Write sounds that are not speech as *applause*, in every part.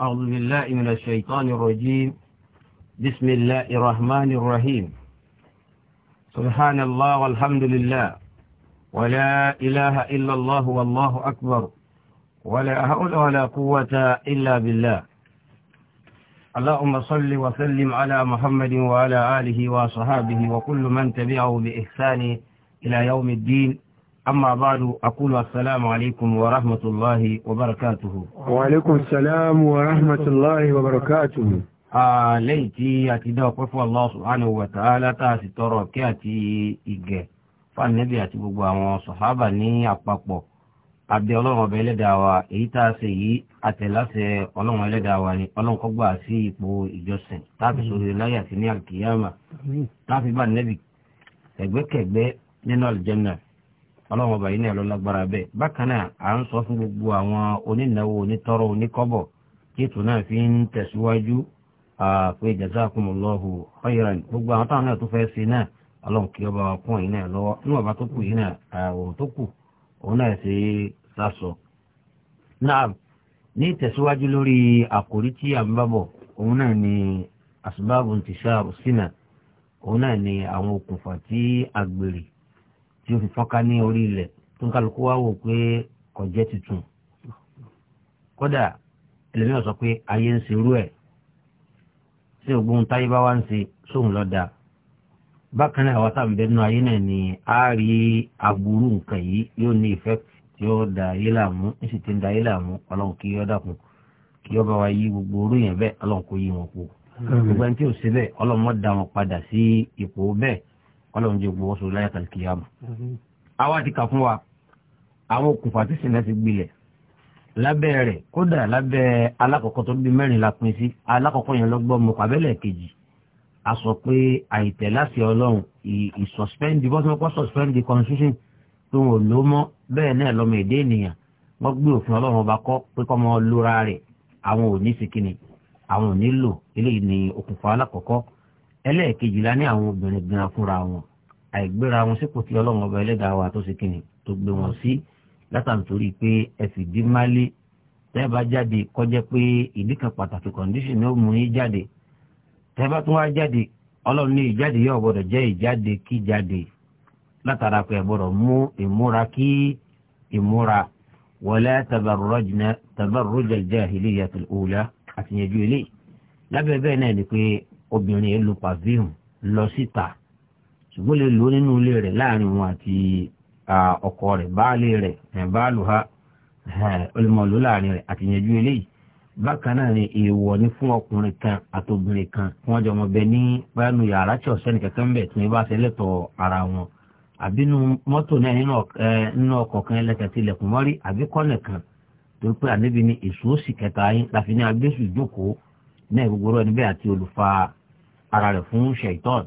أعوذ بالله من الشيطان الرجيم بسم الله الرحمن الرحيم سبحان الله والحمد لله ولا إله إلا الله والله أكبر ولا حول ولا قوة إلا بالله اللهم صل وسلم على محمد وعلى آله وصحابه وكل من تبعه بإحسان إلى يوم الدين أما بعد أقول السلام عليكم ورحمة الله وبركاته وعليكم السلام ورحمة الله وبركاته lẹ́yìn tí a ti dá ọpẹ́ fún Allah subhanahu wa ta'ala tá a sì tọrọ kí àti ìgẹ̀ fánẹ́bì àti gbogbo àwọn sọ̀hábà ní àpapọ̀ abẹ́ ọlọ́run ọba ẹlẹ́dàá wa èyí tá a ṣe yìí àtẹ̀láṣẹ ọlọ́run ẹlẹ́dàá wa ni ọlọ́run kó gbà sí ipò ìjọsìn táàfi sórí láyà sí ní àkìyàmà táàfi bá nẹ́bì ẹ̀gbẹ́kẹ̀gbẹ́ nínú àlùjẹ́nà ọlọ́wọ́ bàyí náà ló lágbára bẹ́ẹ̀ bákan náà à ń sọ fún gbogbo àwọn onínáwó onítọ́rọ oníkọ́bọ̀ tí ètò fi ń tẹ̀síwájú pé jazakumullahu khairan gbogbo àwọn táwọn náà tó fẹ́ ṣe náà ọlọ́run kí ọba wa kún ẹ̀yin náà lọ́wọ́ níwọ̀n bá tó kù yìí náà ọ̀rọ̀ tó kù òun náà ṣe é sásọ. náà ní tẹ̀síwájú lórí àkòrí tí à ń bábọ̀ òun náà tí ó fi fọ́nká ní orí ilẹ̀ tó ń kálukú wá wò pé kò jẹ́ tuntun kódà ẹlẹ́mìíràn sọ pé ayé ń serú ẹ̀ tí ògbóhun táyé bá wá ń ṣe sóhun lọ́dà bákan náà àwọn táwọn bẹ́ẹ̀ nú ayé náà ni a rí aburú nǹkan yìí yóò ní ìfẹ́ tí ó da ayé làmú ní sì ti ń da ayé làmú ọlọ́run kí ó dàkún kí ó bá wa yí gbogbo orú yẹn bẹ́ẹ̀ ọlọ́run kò yí wọn kú gbogbo ẹni tí ò ṣe bẹ́ẹ̀ ọlọ́run mọ́ da wọn padà sí ipò bẹ́ẹ̀ ọlọ́run jẹ́ gbowó sórí láyàtà kìyàmù. àwa ti kà fún wa àwọn okùnfà tí sinna ti gbilẹ̀ lábẹ́ rẹ̀ kódà lábẹ́ alákọ̀ọ́kọ́ tó bí mẹ́rin la pín sí alákọ̀ọ́kọ́ yẹn lọ́gbọ́n mu kàbẹ́lẹ̀ kejì a sọ pé àìtẹ̀láṣẹ ọlọ́run ìsọ̀spẹ́ndì bọ́sọ̀pọ̀ sọ̀spẹ́ndì constitution tó wọn ló mọ́ bẹ́ẹ̀ náà lọ́mọ èdè ènìyàn wọ́n gbé òfin ọlọ́run ọba kọ́ pé kọ́ mọ́ lóra rẹ̀ àwọn ò ní sikini àwọn ò ní lò eléyìí ni okùnfà alákọ̀ọ́kọ́ ẹlẹ́ẹ̀kejìlá ní àwọn obìnrin gan fúnra wọn àìgbéra wọn sípò tí ọlọ́run ọba ẹlẹ́dàá wa tó ṣe kíni tó gbé wọn sí látàntorí pé ẹ sì dí málé tẹ́ẹ̀bá jáde kọjá pé ìdí kan pàtàkì kọ̀ǹdíṣìn náà mú yín jáde tẹ́ẹ̀bá tún wá jáde ọlọ́run ní ìjáde yóò gbọ́dọ̀ jẹ́ ìjáde kí jáde látara pé ẹ mú ìmúra kí ìmúra wala tabarrujna tabarruj al-jahiliyyah obìnrin yẹn lu pavim lọ síta ṣùgbọ́n lè lò nínú ilé rẹ̀ láàrin wọn àti ọkọ rẹ̀ baálé rẹ̀ báàlù ha olùmọ̀lú láàrin rẹ̀ àti yanjú eléyìí bákan náà ni èèwọ̀ ni fún ọkùnrin kan àtòbìnrin kan tí wọ́n jọ mọ bẹ ní báyanu yàrá tí ọ̀sẹ́ni kẹ̀kẹ́ ń bẹ̀ tí wọ́n bá ṣe lẹ́tọ̀ọ́ ara wọn àbí nu mọ́tò náà nínú ọkọ̀ kan ẹlẹ́kẹ̀ tí ilẹ̀kùn mọ́rí àbí kọ́nẹ̀ kan tó pé àníbi ni èso òsì kẹta yín láfi ní agbésù jókòó náà gbogbo rẹ̀ níbẹ̀ àti olùfà ara rẹ̀ fún ṣẹ̀tọ́n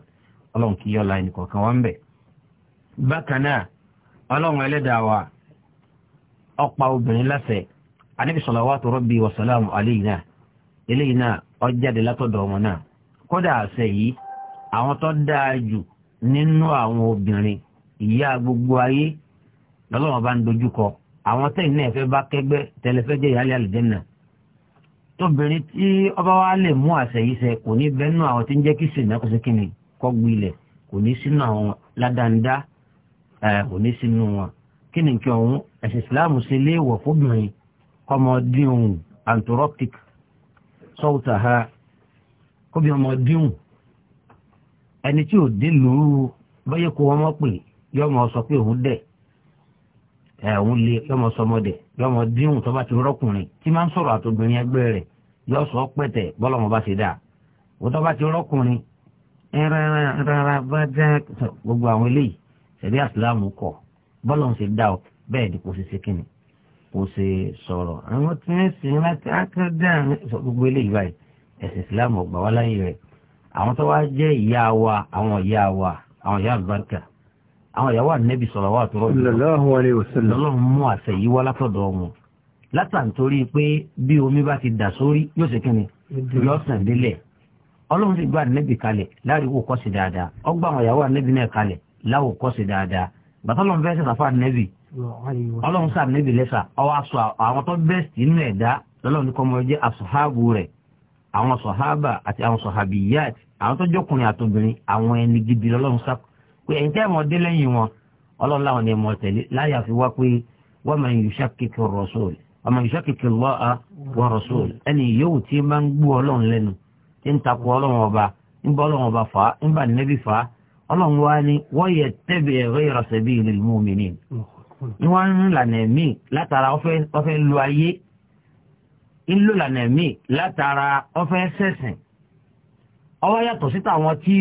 ọlọ́run kì í yọ̀ la ẹnìkọ̀ọ̀kan wá ń bẹ̀. bákan náà ọlọ́run ẹlẹ́dàá wa ọ̀pá obìnrin láṣẹ anábì salawatu rabbi wa salamu alayhi náà eléyìí náà ọjáde látọ̀dọ̀ wọn náà kódà àṣẹ yìí àwọn tó dáa jù nínú àwọn obìnrin ìyá gbogbo ayé lọ́lọ́wọ́n bá ń dojúkọ àwọn tẹ́yìn náà fẹ́ bá kẹ́gbẹ́ tẹ́lẹ̀ jẹ́ ìyáálé àlùjẹ́ náà tóbìnrin tí ọba wa lè mú àṣẹ yìí ṣe kò ní bẹnu àwọn tí ń jẹ́ kí sèǹdà kó ṣe kíni kọ́ gbilẹ̀ kò ní sínú àwọn ládàndá kò ní sínú wọn kí ni nǹkan ọ̀hún ẹ̀sìn islam ṣe léèwọ̀ fóbìnrin kọ́mọdéhùn anthropic sọ́ọ̀tà ha kóbi ọmọdéhùn ẹni tí ò dé lóru báyẹ̀ kó wọ́n mọ̀ pé yọ ọmọ sọ pé òun dẹ̀ ẹ̀ òun lé yọ ọmọ sọmọdẹ̀ yọ ọmọdéhùn tó bá ti rọ́kùnrin tí máa ń sọ̀rọ̀ àtòbìnrin ẹgbẹ́ rẹ̀ yọ sọ pẹ̀tẹ̀ bọ́lọ́mọ bá ṣe dáa wọ́n tó bá ti rọ́kùnrin ẹ̀rẹ́rẹ́ rárá bá jẹ́ gbogbo àwọn eléyìí ṣẹ̀rí àsìlámù kọ̀ bọ́lọ́mọ ṣe dáa bẹ́ẹ̀ ni kò ṣe ṣe kíni kò ṣe sọ̀rọ̀ àwọn tí wọ́n ṣe láti ákẹ́dẹ́ gbogbo eléyìí báyìí ẹ̀sìn ìsìlámù ọgbà wá láyé rẹ̀ àwọn tó wá jẹ́ ìyá wa àwọn ìyá wa àwọn ìyá àlùbáríkà àwọn ìyàwó ànẹ́bí sọ̀rọ̀ wà tó rọ̀ látàntorí pé bí omi bá ti dà sórí yóò ṣe kíni yóò sàn délẹ̀ ọlọ́run sì gba ànẹ́bì kalẹ̀ láàrúwò kọ́sì dáadáa ọgbà àwọn ìyàwó ànẹ́bì náà kalẹ̀ láwò kọ́sì dáadáa bàtà ọlọ́run fẹ́ sàfà ànẹ́bì ọlọ́run sà ànẹ́bì lẹ́sà ọwọ́ aṣọ àwọn tó bẹ́ẹ̀sì nínú ẹ̀dá lọ́lọ́run ní kọ́mọ jẹ́ asọ̀háàbù rẹ̀ àwọn sọ̀háàbà àti àwọn sọ̀hábìyàt àwọn tó jọkùnrin àtobìnrin àwọn ẹni gidi lọ́lọ́run sà pé ẹ̀yìn tẹ́ mọ́ dé lẹ́yìn wọn ọlọ́run láwọn ni mọ̀ tẹ̀lé àmọ́ ìṣàkìkì lọ́à wà rọ̀ṣọ́ọ̀lù ẹni yóò tí máa ń gbú ọlọ́run lẹ́nu tí ń takò ọlọ́run ọba ń bá ọlọ́run ọba fà á ń bá nẹ́bí fà á ọlọ́run wa ni wọ́n yẹ tẹ́bi ẹ̀rọ ìrọ̀sẹ̀ bí ilé ìmú mi ni. ni wọ́n ń lànà ẹ̀mí látara ọfẹ́ lu ayé ń lò lànà ẹ̀mí látara ọfẹ́ sẹ̀sìn ọwọ́ yàtọ̀ síta àwọn tí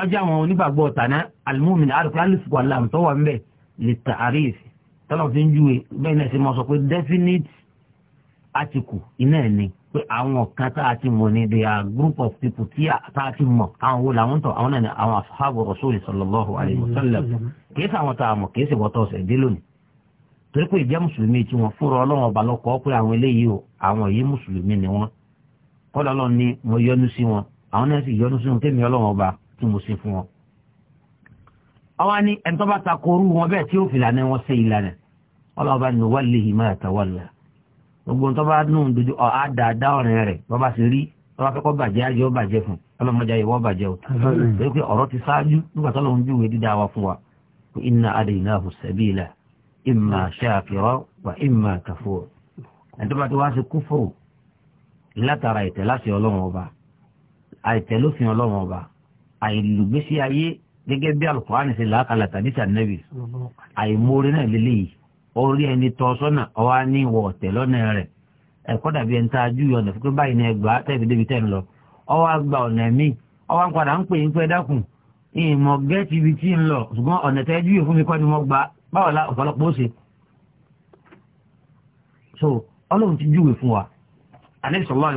ọjà àwọn onígbàgbọ́ tàná alimúmi ní àrùkù alùpùpù àlàm ń bẹ̀ lè tààrí ìfẹ́ tọ́lọ̀ fi ń júwe bẹ́ẹ̀ náà ṣe mọ sọ pé definite article iná ẹ̀ ni pé àwọn kan tá a ti mọ̀ ni they are group of people tí tá a ti mọ̀ àwọn wo làwọn tọ̀ àwọn náà ni àwọn ashabu rasuli sallallahu alayhi wa sallam kìí ṣe àwọn tá a mọ̀ kìí ṣe bọ́tọ̀ ọ̀sẹ̀ dé lónìí torí pé ìjẹ́ mùsùlùmí tí wọ́n fúnra ọlọ́run ọba lọ́kọ́ pé àwọn eléyìí o àwọn yìí mùsùlùmí ni wọ́n kọ́dọ̀ ọlọ́run ni mo yọ́nú sí wọn àwọn náà sì yọ́nú sí wọn tẹ́mi ọlọ́run ọba tí mo ṣe fún wọn. àwa ni ẹni tó bá ta koru wọn bẹ́ẹ̀ tí ó fìlànà wọn ṣe ìlànà ọlọ́ba ni wà lè yìí máa tàwọn là gbogbo tó bá nù dojú ọ àdàdà ọ̀rẹ́ rẹ̀ bàbá sì rí bàbá fẹ́ kọ́ bàjẹ́ ayé ó bàjẹ́ fún ọlọ́mọdé ayé wọ́n bàjẹ́ o torí pé ọ̀rọ̀ ti ṣáájú nígbà tó lọ́n júwèé dídá wa fún wa inna adaynahu sabila imma shakira wa imma kafur ẹ̀dọ́gba tó wá sí kúfòrò látara ìtẹ̀ láti ọlọ́run ọba àìtẹ̀ lófin ọlọ́run ọba àìlùgbésí ayé gẹ́gẹ́ bí alukóhánì orí ẹni tọ sọ́nà ọwá ní ìwọ̀ ọ̀tẹ̀ lọ́nà rẹ̀ ẹ̀kọ́ dàbí ẹni tá a ọ̀nà fún báyìí ẹgbàá débi lọ ọwá gba ọ̀nà mí ọwá ń ń pè ń pẹ́ dákun ìmọ̀ gẹ́ẹ̀tì ibi tí ń lọ ṣùgbọ́n ọ̀nà tẹ́ fún mi kọ́ ni mo gba báwo la ọ̀pọ̀lọpọ̀ ṣe. so ọlọ́run ti júwe fún wa alẹ́ sọ̀rọ̀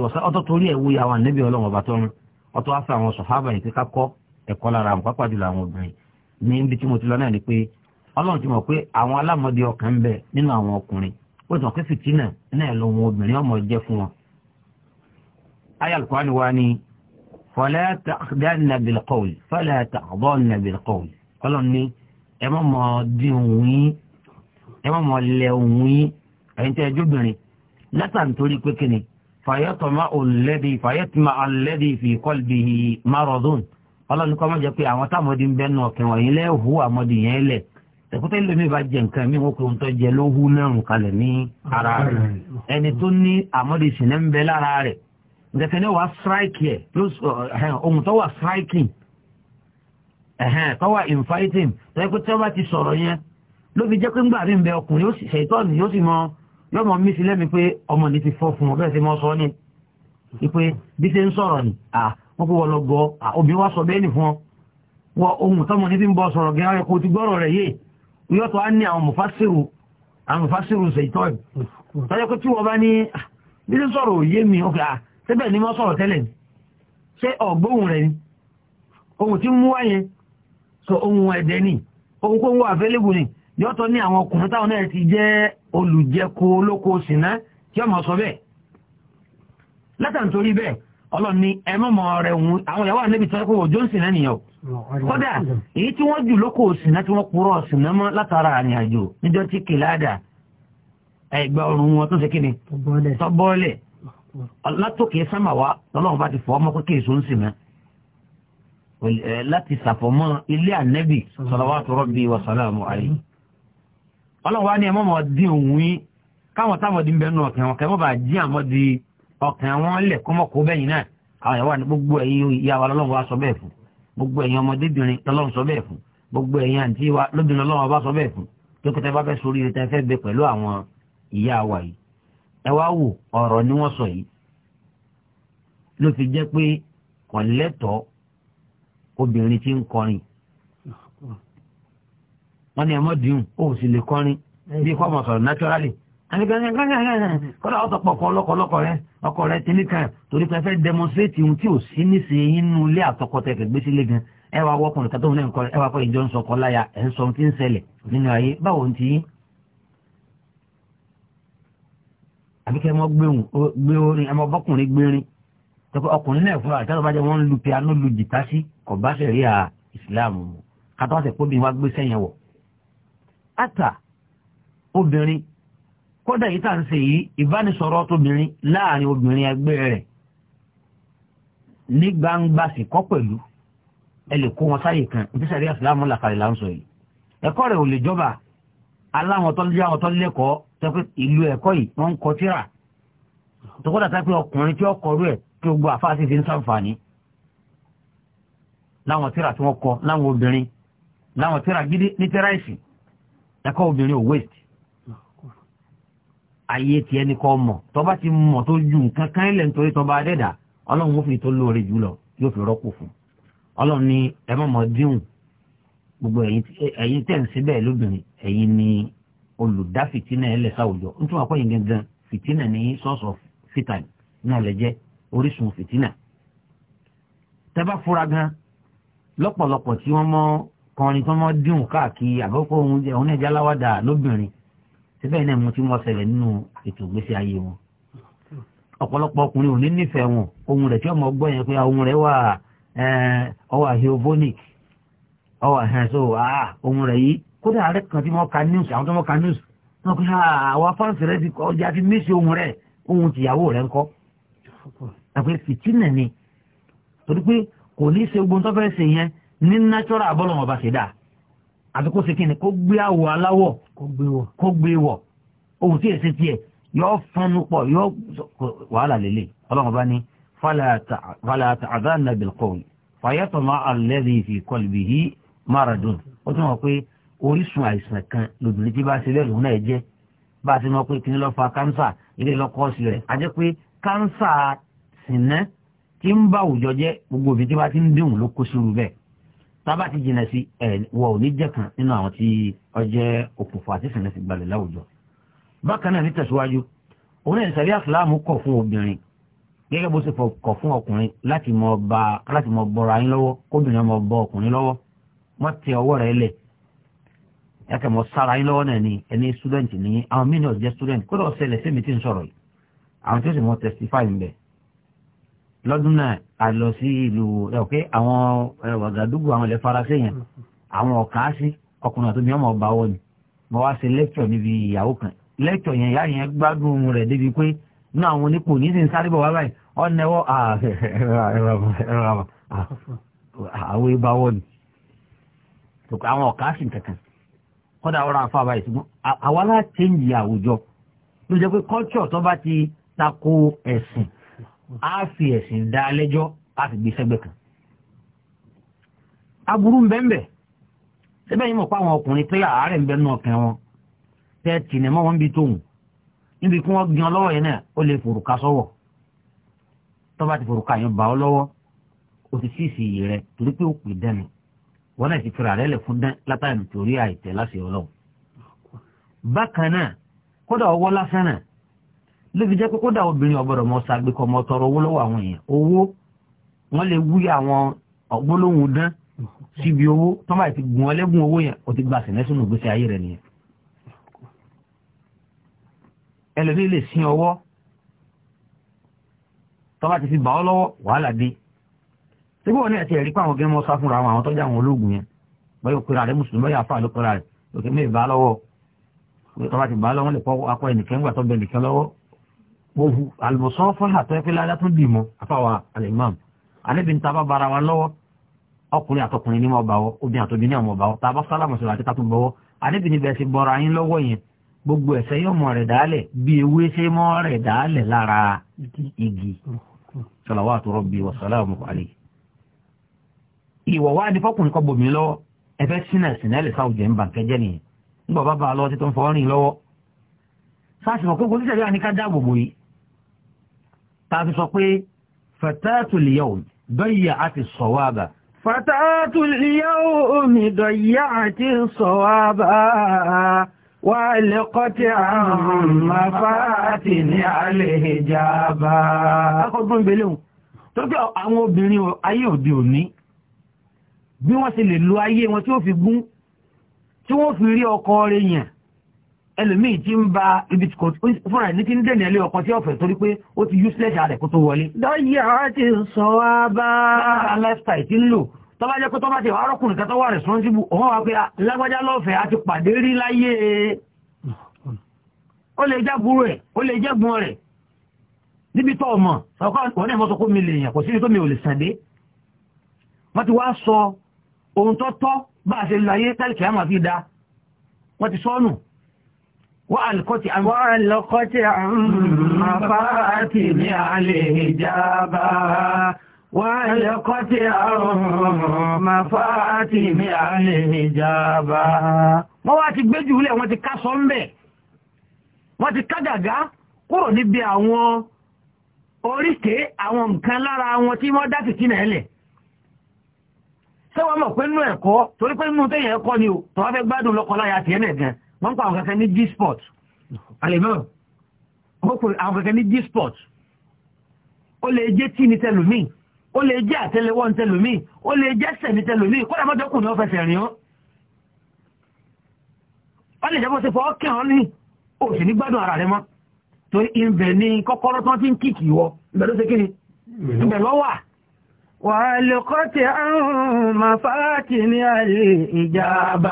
àyọ̀sá ọlọ́run ti mọ̀ pé àwọn alámọ̀dé ọkàn ń bẹ nínú àwọn ọkùnrin ó ti mọ̀ pé fìtínà náà ló wọn obìnrin ọmọ jẹ́ fún wọn. aya alukurani wa ni fala ta'khdanna bil qawl fala ta'dhanna bil qawl ọlọ́run ní ẹ má mọ dín òun ẹ má mọ lẹ òun ẹ̀yin tẹ́ ẹjọ́ obìnrin látàn torí pé kíni fàyẹ́tọ̀má alladhi fàyẹ́tọ̀má alladhi fi qalbihi maradun ọlọ́run kọ́ mọ́ jẹ́ pé àwọn táwọn ọmọdé ń bẹ́ẹ̀ nù ọ̀kẹ́ wọ̀nyí lẹ́hùú àmọ́dé yẹn lẹ̀ tẹ̀kútẹ́ lómi bá jẹ nǹkan mi wọ́n kò ń tọ́jẹ ló hú náà kalẹ̀ ní ara rẹ̀ ẹni tó ní àmọ́dé ìsìnlẹ̀ ń bẹ lára rẹ̀ nǹkan ní wàá strike ẹ̀ ohun tó wà striking tó wà infighting tẹ̀kútẹ́ bá ti sọ̀rọ̀ yẹn ló fi jẹ́ pé ńgbà rí ń bẹ ọkùnrin ṣètọ́nù yóò sì mọ yóò mọ mí sí lẹ́mi pé ọmọ ní ti fọ́ fún ọ bẹ́ẹ̀ sì mọ sọ ni ipe bí ṣe ń sọ̀rọ̀ ni wọ́n kó wọ́n lọ gọ́ obìnrin wá sọ bẹ́ẹ̀ nì fún ọ wọ ohun tọ́mọ ní ti ń bọ sọ̀rọ̀ gẹ́gẹ́ kó ti gbọ́rọ̀ rẹ̀ yìí yóò tó á ní àwọn mùfásírù àwọn mùfásírù ṣètọ́ọ̀nù tọ́jọ́ pé tí wọ́n bá ní ah, bí ní sọ̀rọ̀ òye mi ó gbà síbẹ̀ ni wọ́n sọ̀rọ̀ tẹ́lẹ̀ ni ṣé ọ̀gbóhùn rẹ̀ ni ohun tí ń mú wáyẹn sọ ohun ẹ̀dẹ̀ ni ohun kó ń wà available ni yóò tó ní àwọn ọkùnrin táwọn náà ti jẹ́ olùjẹko olóko sìnà tí ọmọ sọ bẹ́ẹ̀ látàntorí bẹ́ẹ̀ ọlọ́ni ẹ̀mọ́mọ́ rẹ̀ òun àwọn ìyàwó kódà èyí tí wọ́n jù lóko òsìnà tí wọ́n kúrò òsìnà mọ́ látara àrìn àjò níjọ́ tí kìláàdà ẹgbẹ́ ọrùn wọn tó ṣe kí ni tọ́bọ́ọ̀lẹ̀ látòkè sámàwá lọ́lọ́run bá ti fọ́ ọmọ kékeré sọ ń sìn mọ́ láti ṣàfọ̀mọ́ ilé ànẹ́bì salawatu rabbi wa salamu alayhi ọlọ́run wá ní ẹmọ́ mọ́ dín òun yín káwọn táwọn di ń bẹ̀rù ọ̀kẹ́ wọn kẹ́ mọ́ bá dín àmọ́ di ọ̀kẹ́ wọn lẹ̀ kọ́mọ́kó bẹ́yìn àwọn gbogbo ẹ̀yin ọmọdébìnrin lọ́lọ́run sọ bẹ́ẹ̀ fún gbogbo ẹ̀yin àǹtí wa lóbìnrin lọ́lọ́run ọba sọ bẹ́ẹ̀ fún tó bá fẹ́ sórí rẹ tẹ fẹ́ bẹ pẹ̀lú àwọn ìyá wa yìí ẹ wá wò ọ̀rọ̀ ni wọ́n sọ yìí ló fi jẹ́ pé kò lẹ́tọ̀ọ́ obìnrin tí ń kọrin wọ́n ní ẹ mọ́ dìún ó sì lè kọrin bí kò mọ̀ sọ̀rọ̀ naturally kọ́lá ọ̀tọ̀ pọ̀ kọ́ lọ́kọ̀lọ́kọ̀ rẹ ọkọ rẹ ti níkan torí pé fẹ́ demonstrate ohun tí ò sí níṣẹ́ inú ilé àtọkọtẹ kẹgbẹ́ sílé gan ẹ wá wọ́kùnrin kátó òun náà ń kọ́ ẹ wá kọ́ ìjọ ń sọ kọ́ láya ẹ̀ ń sọ ohun tí ń ṣẹlẹ̀ nínú ayé báwo ń ti yín. àbí kẹ́ ẹ mọ́ gbé orin ẹ mọ́ bọ́kùnrin gbérin tọ́kọ ọkùnrin náà fúnra àtàwọn bá jẹ́ wọ́n ń lu piano lu jìtá sí kò bá ṣẹ̀rí à ìsìláàmù kátó ọ̀sẹ̀ pé obìnrin wá gbé sẹ́yìn wọ̀. àtà obìnrin kódà yìí tà ń ṣe yìí ìbánisọ̀rọ̀ tóbìnrin láàrin obìnrin ẹgbẹ́ rẹ̀ ní gbangba sì kọ́ pẹ̀lú ẹ lè kó wọn sáyè kan ìfísàrí àsìlámù làkàlẹ̀ là ń sọ yìí ẹ̀kọ́ rẹ̀ ò lè jọba aláwọn tó lé àwọn tó lẹ́kọ̀ọ́ tó pé ìlú ẹ̀kọ́ yìí wọ́n ń kọ tíra tó kódà tá pé ọkùnrin tí ó kọrú ẹ̀ tí gbogbo àfáàsì fi ń sàǹfààní láwọn tíra tí wọ́n kọ láwọn obìnrin láwọn tíra gidi ní tíráìsì ẹ̀kọ́ obìnrin ò waste ayé tiẹ̀ ní kọ́ tọba ti mọ tó ju nǹkan kan ntori nítorí tọ́ba adẹ́dà ọlọ́run ó fi tó lóore jù lọ yóò fi rọ́pò fún ọlọ́run ní ẹ má mọ̀ díhùn gbogbo ẹ̀yin tẹ̀ ń síbẹ̀ lóbìnrin ẹ̀yin ni olùdá fìtínà ẹ̀ lẹ́sà òjò nítorí gangan fìtínà ní sọ́ọ̀sọ̀ fìtàn náà lẹ jẹ́ orísun fìtínà tẹ́bá fura gan lọ́pọ̀lọpọ̀ tí wọ́n mọ kọrin tí wọ́n mọ díhùn káàkiri síbẹ̀ náà mo ti mọ ṣẹlẹ̀ nínú ètò ìgbésí ayé wọn ọ̀pọ̀lọpọ̀ ọkùnrin ò ní nífẹ̀ẹ́ wọn ohun rẹ̀ tí ọmọ gbọ́ yẹn pé ohun rẹ̀ wà ọwà heobonic ọwà so ohun rẹ̀ yìí kódà ààrẹ kan tí wọ́n ka news àwọn tó wọ́n ka news wọ́n pe àwọn fáǹsì rẹ̀ ti ọjà ti mí sí ohun rẹ̀ ohun tìyàwó rẹ̀ ń kọ́ àpè fìtínà ni torí pé kò ní í ṣe gbóntọ́fẹ́ ṣe yẹn ní natural abọ́lọ́mọba ṣe dáa àti kó ṣe kí ni kó gbé àwọ̀ aláwọ̀ kó gbé wọ̀ ohun tí èsì tiẹ̀ yọ fọnú pọ̀ yọ wàhálà lélẹ̀ ọlọ́run bá ní fàlà àdánà bìlkọ́ọ̀lì fàyàtọ̀ máa àlẹ́lẹ́ ìfì kọlùbì yìí máradùn ó tún wọ́n pé orísun àìsàn kan lòdùnú tí bá ṣe bẹ́ẹ̀ lòun náà jẹ́ bá a ti mọ̀ pé kíní ló fa kánsà ilé ló kọ́ sí rẹ̀ àti pé kánsà sìnẹ́ tí ń bá àwùjọ jẹ́ gbogbo òbí tí wọ́n ti ń dìhùn ló kó sí irú bẹ́ẹ̀ tábà ti jìnà sí ẹ wọ ò ní jẹ́ kan nínú àwọn tí ó jẹ́ òkùnfà àti sìnà ti gbalẹ̀ láwùjọ bákan náà ní tẹ̀síwájú òun náà ìsàlẹ̀ àfúláàmù kọ̀ fún obìnrin gẹ́gẹ́ bó ṣe kọ̀ fún ọkùnrin láti mọ bá láti mọ bọ́ra yín lọ́wọ́ kóbìnrin mọ bọ́ ọkùnrin lọ́wọ́ wọ́n tẹ ọwọ́ rẹ̀ lẹ̀ yàtọ̀ mọ sára yín lọ́wọ́ náà ni ẹni student ni àwọn minions jẹ́ student kódà ọ̀sẹ̀ lẹ́sẹ̀ mi ti ń sọ̀rọ̀ yìí àwọn tí ó sì mọ testify ń bẹ̀ lọ́dún náà a lọ sí ìlú ẹ̀ọ́kẹ́ àwọn wàgàdúgbò àwọn ilẹ̀ faransé yẹn àwọn ọ̀kan á sí ọkùnrin àti obìnrin ọba wọn ni mo wá ṣe lẹ́kítọ̀ níbi ìyàwó kan lẹ́kítọ̀ yẹn ìyá yẹn gbádùn rẹ̀ débi pé náà àwọn onípò ní sì ń sáré bọ̀ wá báyìí ọ̀nà ẹ̀wọ̀ àwọn ibà wọn ni àwọn ọ̀kan á kankan kọ́dà ọ̀rọ̀ àfa báyìí ṣùgbọ́n àwa láti ń yí àwùjọ ló jẹ́ pé kọ́ńtọ̀ a fi ẹ̀sìn dá lẹ́jọ́ a fi gbé sẹ́gbẹ̀ kan aburú ń bẹ́ẹ̀ sẹ́bẹ̀ yìí mọ̀ pa àwọn ọkùnrin pé àárẹ̀ ń bẹ́ẹ̀ náà kẹ́ wọn tẹ́ tìǹẹ̀ mọ́ wọn bí tóun níbi kí wọ́n gan lọ́wọ́ yẹn náà ó lè fòrùka sọ́wọ́ tọ́ba ti fòrùka yẹn bà ọ́ lọ́wọ́ o ti sísì iyì rẹ torí pé ó pè dẹ́nu wọn náà ti fira rẹ lẹ̀ fún dán látàrí nítorí àìtẹ́ láṣẹ ọlọ́run bákan náà kódà ọwọ́ lásán náà ló fi jẹ́ pé kódà obìnrin ọ̀gbọ́dọ̀ mọ ṣàgbé kọ́ mọ tọrọ owó lọ́wọ́ àwọn èèyàn owó wọ́n lè wúyà àwọn ọ̀gbọ́lóhùn dán síbi owó tó bá ti gùn ọlẹ́gùn owó yẹn ó ti gba sìnẹ́sùn ògbésí ayé rẹ̀ nìyẹn ẹlòmíì lè sin ọwọ́ tó bá ti fi bà ọ́ lọ́wọ́ wàhálà dé síbí wọn ní ẹ̀sẹ̀ ẹ̀rí pé àwọn gẹ́gẹ́ sá fúnra àwọn tọ́jú àwọn ológun yẹn báyọ̀ pera rẹ̀ mùsùlùmí báyọ̀ afáà ló pera rẹ̀ òkè mí ìbá lọ́wọ́ tó bá ti bà lọ́wọ́ lè pọ́ akọ gbogbo àlùmọ̀sọ́fà àtọ́ẹ́pẹ́ ládá tún dì mọ́ afáwà alimam alẹ́bí ń taba bara wa lọ́wọ́ ọkùnrin àtọkùnrin ní ọba wọ obìnrin àtọbí ní ọmọ ọba wọ tàbá sálámù sọ̀rọ̀ àti tàtú bọ́wọ́ alẹ́bí níbẹ̀ sí bọ́ra yín lọ́wọ́ yẹn gbogbo ẹ̀sẹ̀ yóò mọ̀ rẹ̀ dálẹ̀ bí ewé ṣe mọ́ rẹ̀ dálẹ̀ lára igi salawatu rabbi wa salamu alayhi. ìwọ̀ wá ní fọkùnrin kọ́ bòmí lọ́wọ́ ẹfẹ́ mọ̀ pé kò ní sẹ́yìn àníká dáàbò bò ta fi sọ pé fatatu liyawm dọ́yà àti sọ̀wábà. fatatu liyawm dọ́yà àti sọ̀wábà wà lẹ́kọ́tì àrùn mafáàtì ní alẹ́ ìjàmbá. akọ́gbọ́n ìbẹ̀lẹ̀ òun tó kí àwọn obìnrin ayé òde òní bí wọ́n ṣe lè lo ayé wọn tí ó fi gún tí wọ́n fi rí ọkọ rẹ̀ yàn ẹlòmíì tí ń ba ibi tí kò fúnra ní tí ń dẹ̀nì ẹlẹ́ ọkọ̀ tí ọ̀fẹ́ torí pé ó ti useless rẹ̀ kó tó wọlé. lọ́yẹ̀ ọ̀rọ̀ ti sọ wá bá. lára lifestyle ti ń lò tọ́ba jẹ́ pé tọ́ba ti arọ́kùnrin kan tó wà responsible ọ̀hún wa pé lágbájá lọ́fẹ̀ẹ́ àti pàdé rí láyé ó lè jẹ́ burú ẹ̀ ó lè jẹ́ gun rẹ̀ níbi tó ọmọ ọkọ wọn náà mọ́tò kó mi lè yàn kò síbi tó mi ò lè sàn dé وألقت عن وألقت عن مفاتن عليه جابا وألقت عن مفاتن عليه جابا wọ́n wá ti gbé jùlẹ̀ wọ́n ti ká sọ ń bẹ̀ wọ́n ti ká dàgá kúrò níbi àwọn oríkèé àwọn nǹkan lára wọn tí wọ́n dá fìtí náà ṣé wọ́n mọ̀ pé nínú ẹ̀kọ́ torí nínú tẹ̀yìn ẹ̀kọ́ ni ò tọ́wọ́ gbádùn lọ́kọ láya tiẹ̀ gan-an wọ́n pa àwọn kankan ní g-sport alemọ́ wọ́n pè àwọn kankan ní g-sport ó lè jẹ́ tí ní tẹlùmí ó lè jẹ́ àtẹlẹwọ́ ní tẹlùmí ó lè jẹ́ sẹ̀ ní tẹlùmí kódà mọ́tòkù ni wọ́n fẹsẹ̀ rìn ọ́ wọ́n lè jẹ́bọ́ sí fọ́ kí wọ́n ní òsì ní gbádùn ara rẹ mọ́ torí ìbẹ̀ ni kọ́kọ́rọ́ tí wọ́n ti ń kíkì wọ ìbẹ̀ ló ṣe kí ni ìbẹ̀ lọ́wọ́ وألقت عن مفاتن الإجابة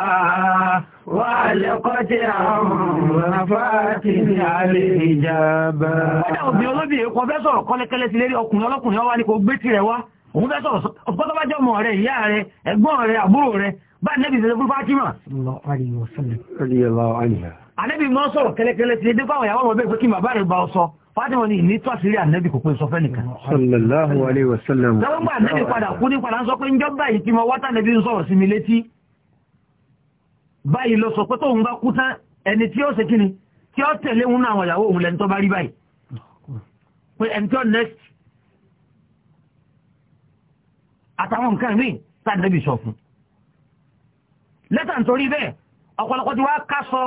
وألقت عن مفاتن الإجابة Obìnrin olóbi èkó fẹ́ sọ̀rọ̀ ti lérí ọkùnrin ọlọ́kùnrin ọwá ní kò gbé ti rẹ̀ bá ọ sọ fátímọ̀ ni ní tọ́sílẹ̀ ànẹ́bì kò pé sọ fẹ́ nìkan. sallallahu alaihi wasallam. lọ́wọ́gbà ànẹ́bì padà kú ní padà ń sọ pé ń jọba yìí tí mo wá tànẹ́bì ń sọ̀rọ̀ sí mi létí báyìí lọ sọ next àtàwọn nǹkan míì tànẹ́bì sọ fún. lẹ́tà nítorí bẹ́ẹ̀ ọ̀pọ̀lọpọ̀ ti wá ká sọ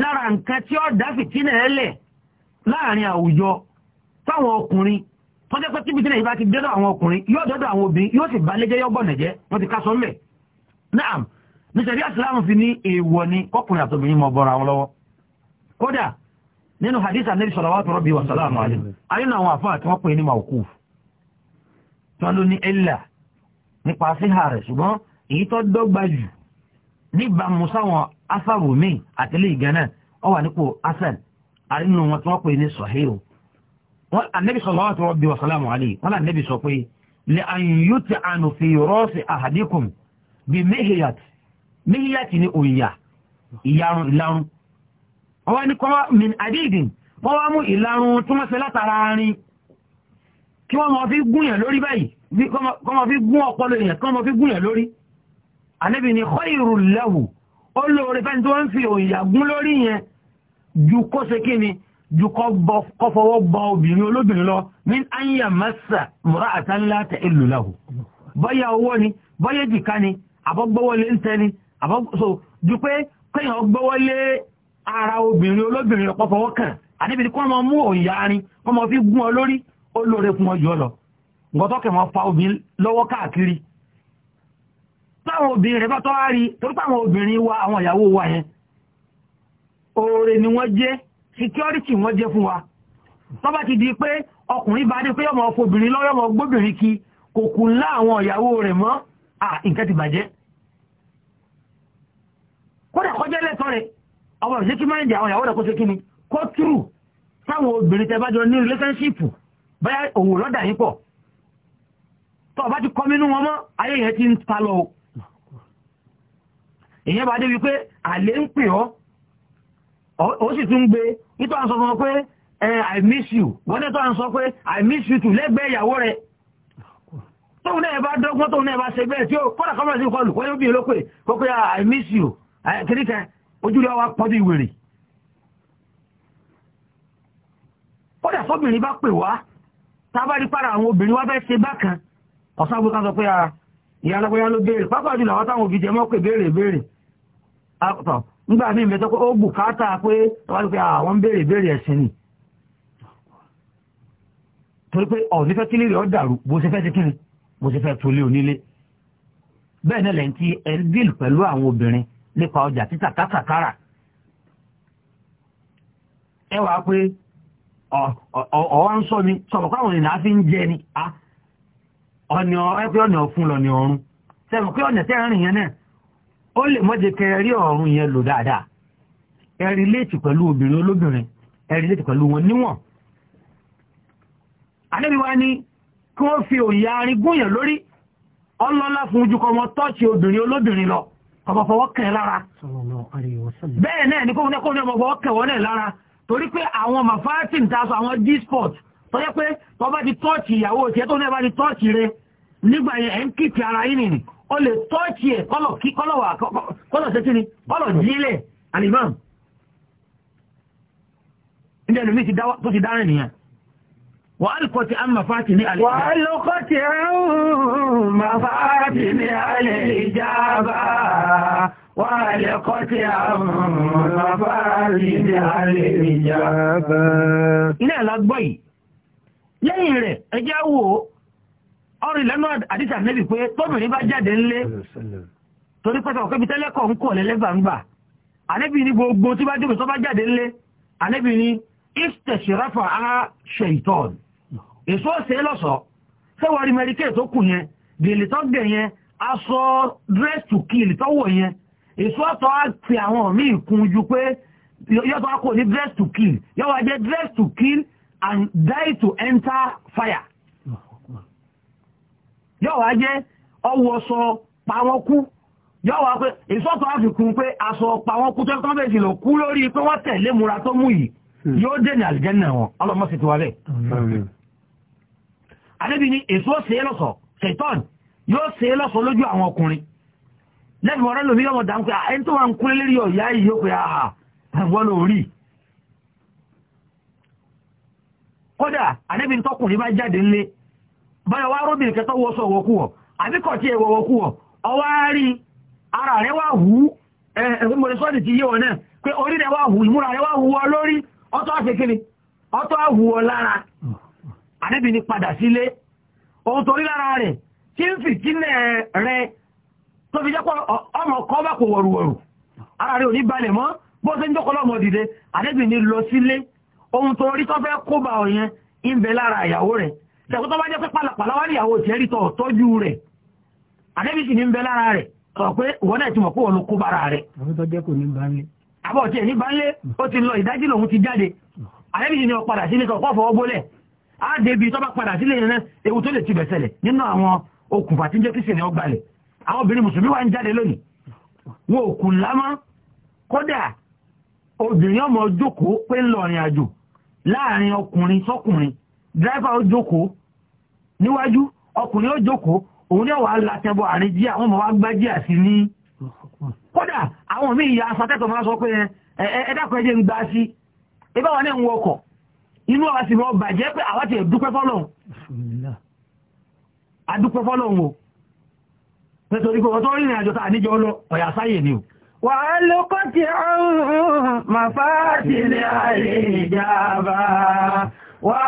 lára nǹkan tí ó dá fìtínà ẹlẹ́ẹ̀ láàrin àwùjọ fáwọn ọkùnrin tó jẹ́ pé tíbi tí nàìjíríà ti dẹ́dọ̀ àwọn ọkùnrin yóò dẹ́dọ̀ àwọn obìnrin yóò sì bá lẹ́jẹ́ yọ́ bọ̀nà jẹ́ wọ́n ti ká sọ mẹ́ náà nítorí àsìláàmù fi ní èèwọ̀ ni ọkùnrin àtòmìnrin mọ̀ bọ́ra wọn lọ́wọ́ kódà nínú hadith anabi salawatu rabbi wa salamu alayhi ayé náà àwọn àfáà tí wọ́n pè ní mawquf tí wọ́n ló ní illa nípa síhà rẹ̀ ṣùgbọ́n èyí tó dọ́gba jù níbàámu sáwọn asàrùmí àtìlẹ́yìn gan náà ó wà nípò asẹ́lẹ̀ àrínú wọn tí wọ́n pè ní sọ̀híhù wọ́n ànẹ́bí sọ̀rọ̀ wọ́n ti wọ́n bí wọ́n sàlámù alẹ́ wọ́n ànẹ́bí sọ pé lè àyùnyú ti ànù fi rọ́ọ̀sì àhàdíkùn bí mihiyat mihiyat ni òyìyà ìyarun ìlarun wọ́n wá ní kọ́ min adidin wọ́n wá mú ìlarun tí wọ́n ṣe látara rin kí wọ́n fi gún yàn lórí báyìí kọ́ mọ̀ fi gún ọpọlọ yàn kọ́ mọ̀ fi gún yàn lórí ànẹ́bí ni kọ́ ìrù ó lóore fẹ́ni tí wọ́n fi òyìyà gún lórí yẹn ju kó ṣe kí ni ju kọ́ fọwọ́ bọ obìnrin olóbìnrin lọ ní àyà mẹ́sà múra àtàlá tẹ èlò láhù bọ́yá ọwọ́ ni bọ́yá jìká ni àbọ́gbọ́wọ́lé ń tẹ́ ni àbọ́gbọ́sọ ju pé kéèyàn gbọ́wọ́lé ara obìnrin olóbìnrin lọ kọ́ fọwọ́ kàn àdébìtì kọ́ mọ mú òyà ni kọ́ mọ fi gún ọ lórí ó fún ọ lọ ngọ́tọ́kẹ̀ mọ́ fa obìnrin lọ́wọ́ káàkiri táwọn obìnrin rẹ̀ bá tọ́ wá rí torí obìnrin wa àwọn ìyàwó wa yẹn oore ni wọ́n jẹ́ security wọ́n jẹ́ fún wa tọ́bá ti di pé ọkùnrin bá dé pé ọmọ ọfọbìnrin lọ́yọ́mọ gbóbìnrin kí kò kù ńlá àwọn ìyàwó rẹ̀ mọ́ à nǹkan ti bàjẹ́ kódà kọjá ni kó túrù táwọn obìnrin tẹ bá jọ ní relationship báyà òun lọ́dà yín pọ̀ tọ́ dé wípé àlè ń pè ọ́ ó sì tún gbé nítorí à ń pé i miss you wọ́n ní tó à sọ pé i miss you tù lẹ́gbẹ̀ẹ́ ìyàwó rẹ̀ tóun náà bá dọ́gbọ́n tóun náà bá ṣe bẹ́ẹ̀ tí ó kọ́dà kọ́mọ̀ sí kọlù wọ́n yóò bí olókè kó pé ah, i miss you kìríkẹ́ ojú rẹ̀ wá pọ́dú ìwèrè kọ́dà sóbìnrin bá pè wá tábàrí para àwọn obìnrin wá bẹ́ẹ̀ ṣe bákan ọ̀sán àbúkà sọ pé ah, ìyá alágbóyá ló béèrè pápá jùlọ àwọn táwọn òbí jẹ mọ́ pé béèrè béèrè nígbà mí ìbẹ̀tọ́ pé ó bùkátà pé wọ́n pé àwọn béèrè ẹ̀sìn ni torí pé ọ̀ kí lèrè ọ́ dàrú bó ṣe fẹ́ ti kíni bó ṣe fẹ́ tolé onílé bẹ́ẹ̀ náà lẹ́yìn tí ẹ pẹ̀lú àwọn obìnrin nípa ọjà títà kátàkárà ẹ wàá pé ọ̀wá ń sọ ni sọ̀rọ̀ káwọn ènìyàn fi ń jẹ ni ọ̀nà ẹ pé ọ̀nà ọ̀fun ọ̀run sẹ́wọ̀n pé ọ̀nà tẹ́ ó lè mọ́ jẹ́ kẹ rí ọ̀run yẹn lò dáadáa ẹ relate pẹ̀lú obìnrin olóbìnrin pẹ̀lú wọn níwọ̀n anábíwá ni kí wọ́n fi òyà arígún yẹn lórí ọlọ́lá fún ojú kọmọ lọ kọmọ fọwọ́ kẹ lára bẹ́ẹ̀ náà ni kóhun náà ọmọ fọwọ́ wọ́n náà lára torí àwọn ń àwọn g-sport pé o lè tọ́ọ̀tì ẹ̀ kọ́lọ̀ kí kọ́lọ̀ wà kọ́lọ̀ ṣe kí ni kọ́lọ̀ jílẹ̀ alimam ní ẹlòmí tó ti dára nìyàn wà á lùkọ́ ti àmà fàájì ní alẹ́ wà á lùkọ́ ti àmà fàájì ní alẹ́ ìjábá wà á lùkọ́ ti àmà fàájì ní yìí lẹ́yìn rẹ̀ ẹjá wò ó ọrìn lẹ́nu àdísà nẹ́bì pé tóbìnrin bá jáde ńlé torí pẹ́sẹ̀ ọ̀kẹ́ bí tẹ́lẹ́kọ̀ ń kọ̀ lẹ́lẹ́gbàǹgbà ànẹ́bì ní gbogbo tí bá jókòó tó bá jáde ńlé ànẹ́bì ní istẹ̀ṣẹ̀ráfà á ṣe ìtọ́n èso ọ̀sẹ̀ lọ́sọ̀ sẹ́wọ̀rí mẹ́ríkẹ́ tó kù yẹn gèlè tó gẹ̀ yẹn aṣọ dress to kill tó wọ̀ yẹn èso ọ̀tọ̀ á ti àwọn míì kun ju pé yọ́tọ̀ á kò ní dress to kill yọ́wọ́ jẹ́ dress to kill and die to enter fire yóò wá jẹ́ ọwọ́ sọ pàwọn kú yóò wá pé ìsọ́tọ̀ àfikún pé aṣọ pàwọn kú tó kán bẹ̀sì lọ kú lórí pé wọ́n tẹ̀lé múra tó mú yìí hmm. yóò dènà àlìjẹ́nà wọn ọlọ́mọ sì ti wà bẹ́ẹ̀. àdébí ni èso ṣe é lọ́sọ̀ ṣètọ́n yóò ṣe é lọ́sọ̀ lójú àwọn ọkùnrin lẹ́bi wọn lómi yọmọ dáhùn pé ẹni tó wà ń kúlé lérí ọ̀yá yìí yóò pé àhà wọ́n lò rí. kódà àdébí ni tọkùnrin bá jáde ńlé báyọ̀ wá róbì nǹkan tó ọ wọ́kúwọ̀ àbíkọ̀ tí ẹwọ̀ wọ́kúwọ̀ ọwá rí ara rẹ̀ wá hù ẹ̀fún mọ̀rẹ̀ sọ́dì ti yíwọ̀ náà pé orí wá hù ìmúra wá hù ọ lórí ọtọ́ àṣekiri ọtọ́ hù ọ lára àdébì ni padà sílé ohun torí lára rẹ tí ń fi kílẹ̀ tó fi jẹ́pọ̀ ara ò ní balẹ̀ mọ́ bó ṣe ń jókòó lọ́mọ dìde ni lọ sílé ohun torí tó fẹ́ kó tẹ̀kú tó bá jẹ́ pé pàlàpàlà wá níyàwó tẹ́rí tọ̀ tọ́jú rẹ̀ àdébí sì ní ń bẹ lára rẹ̀ sọ pé ìwọ́n náà ti mọ̀ pé òun ló kó bára rẹ̀. àwọn tó jẹ́ kò ní bá ń lé. àbọ̀ tí ẹ̀ ní bá ń lé ó ti lọ ìdájí lòun obìnrin ọmọ jókòó pé ń lọ ìrìn àjò láàrin ọkùnrin sọkùnrin dráìfà ó níwájú ọkùnrin ó jókòó òun ní ọ̀wà alátẹ́bọ̀ àárín jíà wọ́n mọ̀ wá gbá sí ní kódà àwọn míì ya asatẹ́tọ̀ máa sọ pé ẹ̀ẹ́dàkọ̀ ẹjẹ́ ń gbá sí ibá wà ní ń wọkọ̀ inú ọ̀rọ̀ sì rọ bàjẹ́ pé àwọn ti dúpẹ́ fọ́lọ́hun adúpẹ́ fọ́lọ́hun o nítorí pé wọ́n tó ni o Wọ́n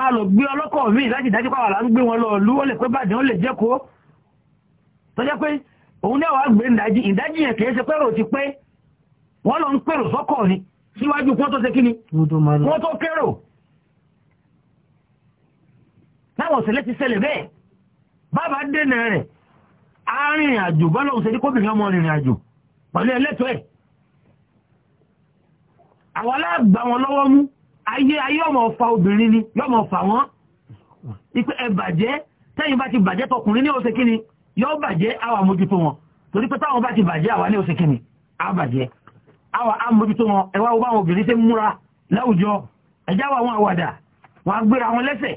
a lọ gbé ọlọ́kọ̀ mi láti dájú pàwà láti gbé wọn lọ lú ó lè pé bàjẹ́ ó lè jẹ́ Tó jẹ́ pé òun náà wà gbé ìdájí ìdájí yẹn kìí ṣe pẹ́rò ti pé wọ́n lọ ń pèrò sọ́kọ̀ ni síwájú kó tó ṣe kíni kó tó kérò. arìnrìn àjò bọ́lọ̀ òṣèlú kóbìnrin ọmọ rìnrìn àjò pẹ̀lú ẹlẹ́tọ́ ẹ̀ àwọn aláàgbà wọn lọ́wọ́ mú ayé ayé ọmọ ọfà obìnrin ni yọmọ ọfà wọn ipé ẹ bàjẹ́ tẹ́yìn bá ti bàjẹ́ tọkùnrin ní ó ṣe kíni yọ bàjẹ́ àwa mójútó wọn torí pé táwọn bá ti bàjẹ́ àwa ní ó ṣe kíni á bàjẹ́ àwa á mójútó wọn ẹwà wọ́n àwọn obìnrin ṣe múra láwùjọ ẹjá wa wọn àwàdà wọn agbéra wọn lẹ́sẹ̀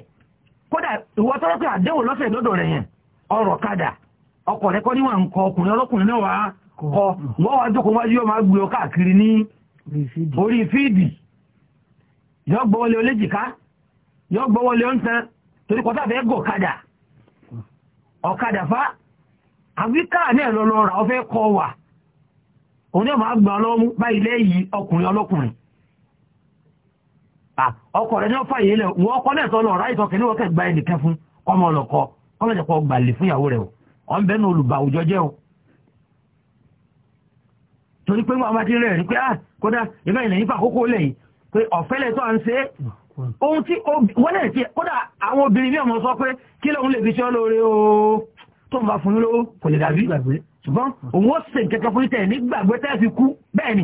kódà ìwọ tọ́rọ́ àdéhùn lọ́sẹ̀ lọ́dọ̀ rẹ̀ yẹn ọ̀rọ̀ kadà ọkọ̀ rẹ̀ kọ́ níwọ̀n nǹkan ọkùnrin ọlọ́kùnrin náà wá kọ́ wọ́n wá jókòó wájú máa ọ káàkiri ní orí fíìdì yọ gbọ́wọ́lé olójìká yọ torí kadà ọ̀kadà àfíkà náà lọ yóò máa ọlọ́mú ọkùnrin ọlọ́kùnrin ọ̀n bẹ́ẹ̀ ní olùbà àwùjọ jẹ́ o torí pé wọ́n bá ti rẹ̀ rí pé ah kódà ìgbà ìlẹ̀ yìí fàkókò lẹ́yìn pé ọ̀fẹ́lẹ̀ tó à ń ṣe ohun tí wọ́n lẹ̀ tí kódà àwọn obìnrin ní ọmọ sọ pé kí lóun lè fi ṣọ́ lóore o tó ń bá fún yín lówó kò lè dàbí ṣùgbọ́n òun ó ṣe nǹkan kan fún yín nígbàgbé tẹ́ fi kú bẹ́ẹ̀ ni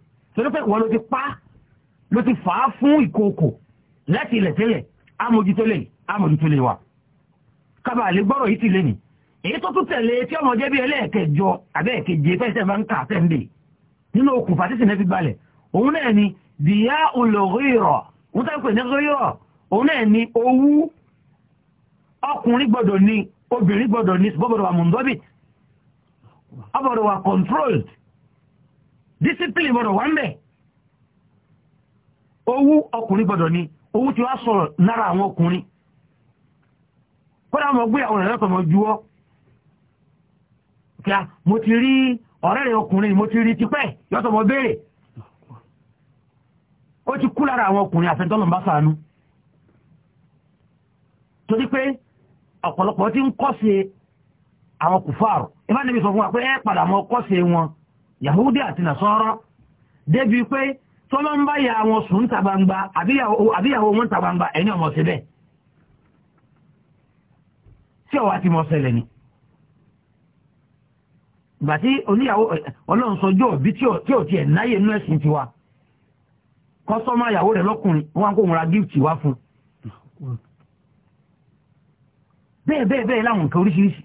torí pé wọ́n ló ti pa ló ti fà á fún ìkòkò láti ilẹ̀ tẹ́lẹ̀ amójútó lè amójútó lè wà kábà lè gbọ́rọ̀ yìí ti lè nì èyí tó tún tẹ̀lé tí ọmọ jẹ́ bí ẹlẹ́ẹ̀kẹjọ abẹ́ẹ̀keje fẹ́sẹ̀ máa ń kà tẹ́ǹdè nínú okùnfà títí náà fi balẹ̀ òun náà ni dìyà olóríyọ̀ òun tá ń pè ní ríyọ̀ òun náà ni owú ọkùnrin gbọ́dọ̀ ni obìnrin gbọ́dọ̀ ni bọ́bọ̀dọ̀ wà wà controlled discipline gbọ́dọ̀ wà ń bẹ̀ owó ọkùnrin gbọ́dọ̀ ni owó tí wá sọ̀rọ̀ lára àwọn ọkùnrin kódà mọ̀ gbé àwọn ẹ̀rọ tọmọ juwọ́ kí a mo ti rí ọ̀rẹ́ rẹ̀ ọkùnrin mo ti rí tipẹ́ yọ́tọ̀ mọ̀ béèrè ó ti kú lára àwọn ọkùnrin àfẹ́tọ́lọ̀ bá sànú torí pé ọ̀pọ̀lọpọ̀ ti ń kọ́sẹ̀ àwọn kùfààrù ìbánibí sọ fún wa pé ẹ padà mọ́ kọ́sẹ̀ wọn yahudi àti nasọ́rọ́ débi pé tọ́lọ́ ń bá ya wọn sùn ta gbangba àbíyàwó wọn ta gbangba ẹni ọmọ sí bẹ́ẹ̀ tí ọwọ́ àti mọ̀ ṣẹlẹ̀ ni ìgbà tí oníyàwó ọlọ́run sọjọ́ òbí tí ò tiẹ̀ náyè nú ẹ̀sìn tiwa kọ́sọ́mà ìyàwó rẹ̀ lọ́kùnrin wọn kò wá fún un bẹ́ẹ̀ bẹ́ẹ̀ bẹ́ẹ̀ láwọn nǹkan oríṣiríṣi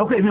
ọkọ̀ èmi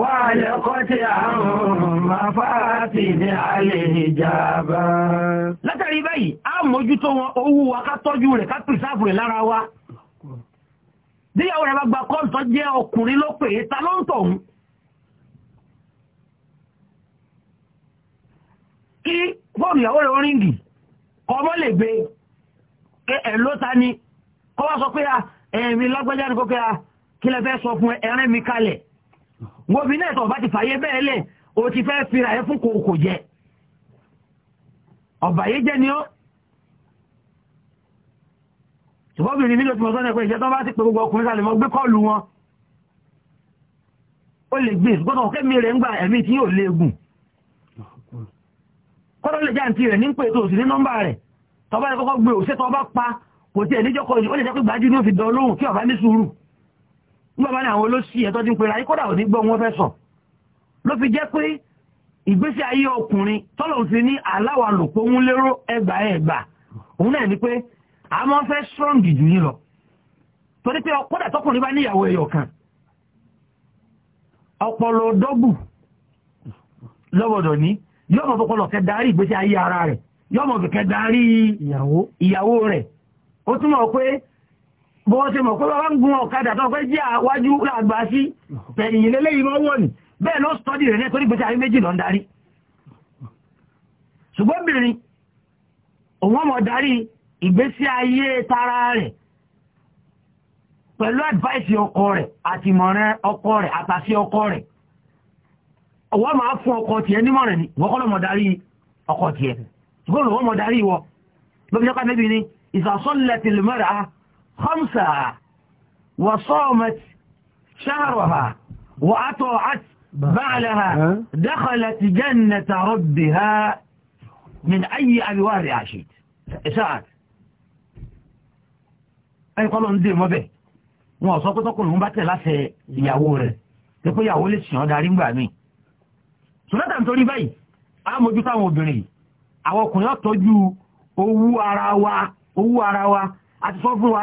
Wàlẹ́kọ́tí àwọn mafáàtì ní alẹ́ ìjàbá. Látàrí báyìí, a mójútó wọn owó wa ká tọ́jú rẹ̀ ká pìsáàfù rẹ̀ lára wa. Díyàwó rẹ̀ bá gba kọ́ǹtọ́ jẹ́ ọkùnrin ló pè é ta ló ń tọ̀hún. Kí fóònù ìyàwó rẹ̀ oríngì, ọmọ lè gbé ẹ̀ ta ni, kọ́ sọ pé ẹ̀mí lágbájá ni kó kí a kílẹ̀ sọ fún ẹ̀rẹ́ mi kalẹ̀ gbòbí náà tó bá ti fàyè bẹ́ẹ̀ lẹ̀ o ti fẹ́ fira ẹ fún kòkò jẹ ọ̀bà yìí jẹ́ ni ó ṣùgbọ́bìnrin nílò tí mo sọ́nà pé ìṣẹ́ tó bá ti pẹ gbogbo ọkùnrin sálẹ̀ mọ́ gbé kọlù wọn ó lè gbé ìṣùgbọ́n tó kẹ́mí rẹ̀ ń gba ẹ̀mí tí yóò léegun kọ́dọ̀ lè jáǹtì rẹ̀ ní pé tó sì ní nọ́mbà rẹ̀ tọ́bá ní kọ́kọ́ gbé òṣètọ́ bá pa kò tí ẹ̀ níjọ́kọ́ ó lè jẹ́ pé gbájú ní ó fi dán lóhùn kí ọ̀bá ní sùúrù nígbàbá ní àwọn olóṣì ẹ̀tọ́ ti ń pera kódà ò ní gbọ́ wọn fẹ́ sọ ló fi jẹ́ pé ìgbésí ayé ọkùnrin tọ́lọ̀ ti ní aláwa lòpọ̀ ń lérò ẹgbà ẹgbà òun náà ni pé a máa fẹ́ strong jù yín lọ torí pé kódà tọkùnrin bá níyàwó ẹyọ kan ọpọlọ dọ́gbù lọ́wọ́dọ̀ ní yọ́mọ fọpọlọ kẹ darí ìgbésí ayé ara rẹ̀ yọ́mọ kẹ darí ìyàwó rẹ̀ ó túmọ̀ pé bó ṣe mọ̀ pé wọ́n ń gun ọ̀kadà tó pé jẹ́ àwájú àgbà sí pẹ̀lú ilé yìí mọ́ wọ́n ni bẹ́ẹ̀ ló sọ́dí rẹ̀ nítorí gbèsè ayé méjì lọ ń darí ṣùgbọ́n bìnrin òun ọmọ darí ìgbésí ayé tara rẹ̀ pẹ̀lú advice ọkọ rẹ̀ àti ìmọ̀ràn ọkọ rẹ̀ àtàṣí ọkọ rẹ̀ òun máa fún ọkọ tiẹ̀ nímọ̀ràn ni wọ́n kọ́ lọ́mọ darí ọkọ tiẹ̀ ṣùgbọ́n òun ọmọ darí wọ lóbi jẹ́ ká خمسها وصامت شهرها وأطاعت بعلها دخلت جنة ربها من أي أبواب عشيت ساعت ẹni kọ́ ló ń dè mọ́ bẹ̀ wọn sọ pé tọkùnrin bá tẹ̀ láṣẹ ìyàwó rẹ̀ tó pé ìyàwó lè sìn ọ́ darí ńgbà míì sọ́dọ̀tà nítorí báyìí á mójú táwọn obìnrin àwọn ọkùnrin ọ̀tọ́jú owó ara wa owó ara wa àti sọ fún wa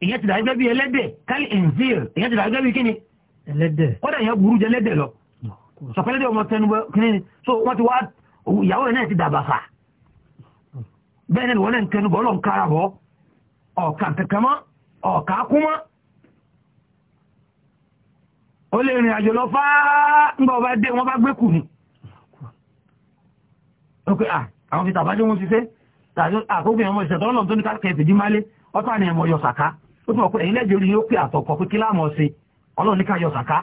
ìyẹn ti dàgẹ́ bí ẹlẹ́dẹ̀ kálí ẹ̀ǹzír ìyẹn ti dàgẹ́ bí kíni ẹlẹ́dẹ̀ kọ́dà ìyẹn burú jẹ lẹ́dẹ̀ lọ sọ̀pẹ́lẹ́dẹ̀ ọmọ tẹnu kíní ni so wọ́n ti wá ìyàwó rẹ̀ náà ti dàbà fà bẹ́ẹ̀ náà wọ́n náà ń tẹnu bọ́ lọ́n kára bọ́ ọ̀kà kankan mọ́ ọ̀kà kú mọ́ ó lè rìn àjò lọ fáá ńgbà ọba dé wọ́n bá gbé kù ni ok àwọn fi tàbájú wọn ti ó tún ọ̀pọ̀ ẹ̀yìn lẹ́jọ́ orí yóò pé àtọ̀kọ̀ pé kí láàmú ọ̀sẹ̀ ọlọ́run ní ká yọ sàká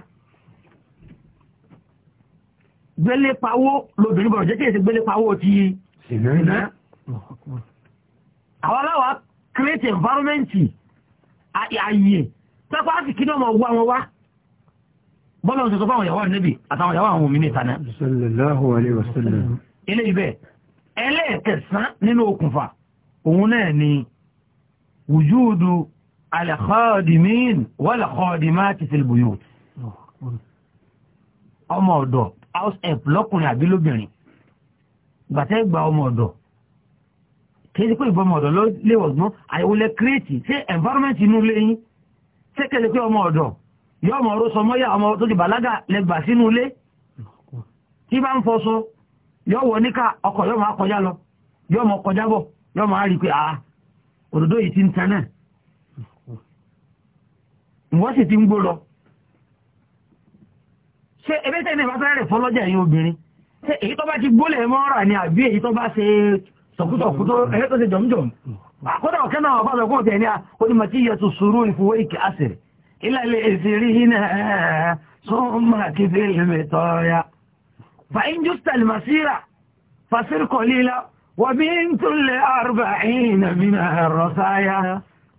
gbélé pawó lóbìnrin bọ̀rọ̀ jẹ́ kéèsì gbélé pawó ti ìná àwọn aláwà create environment àyè tẹ́pá sì kí ní ọmọ wá wọn wá bọ́lọ̀ ṣe sọ fáwọn ìyàwó níbi àtàwọn ìyàwó àwọn òmìnir ìtànà sallallahu alaihi wasallam ilé ibẹ̀ ẹlẹ́ẹ̀kẹsán nínú okùnfà òun náà ni wùjúùdù alẹ́kọ́ọ̀dìmín wọ́lẹ̀kọ́ọ̀dìmá ti fi lùbùyò ọmọ ọ̀dọ̀ house help lọ́kùnrin àbí lóbìnrin gbàtẹ́ gba ọmọ ọ̀dọ̀ kìí sí pé ìbọn ọmọ ọ̀dọ̀ ló léwọ̀ gbọ́n àyẹ̀wò lẹ kírètì ṣé environment inú ilé yín ṣé kẹlẹ̀ pé ọmọ ọ̀dọ̀ yọ ọmọ ọ̀rọ̀ sọmọ́yà ọmọ tó ti bàlágà lẹ gbà sínú ilé tí bá ń fọṣọ yọ wọ níkà ọkọ̀ yọ máa kọjá lọ yọ ọmọ kọjá bọ̀ yọ máa rí pé àá ah, òdòdó yìí ti ń tan náà ìwọ́n sì ti ń gbó lọ ṣe ẹgbẹ́ tẹ́lẹ̀ bá fẹ́rẹ̀ fọ́lọ́jà yìí obìnrin ṣe èyí tó bá ti gbólẹ̀ mọ́ra ni àbí èyí tó bá ṣe sọ̀kútọ̀kútọ̀ ẹgbẹ́ tó ṣe jọmjọm àkọ́dà ọ̀kẹ́ náà ọba lọ́gbọ́n tẹ̀ ní onímọ̀ tí yẹ tó sùúrù ìfowó ìkẹ́ àṣírí ilẹ̀ ilẹ̀ ìṣirí iná sọ́ọ́mà kìfì ilẹ̀ tọ́ya fa injustal masira fasirkọ̀ wàbí ń tún lè arba'ina mina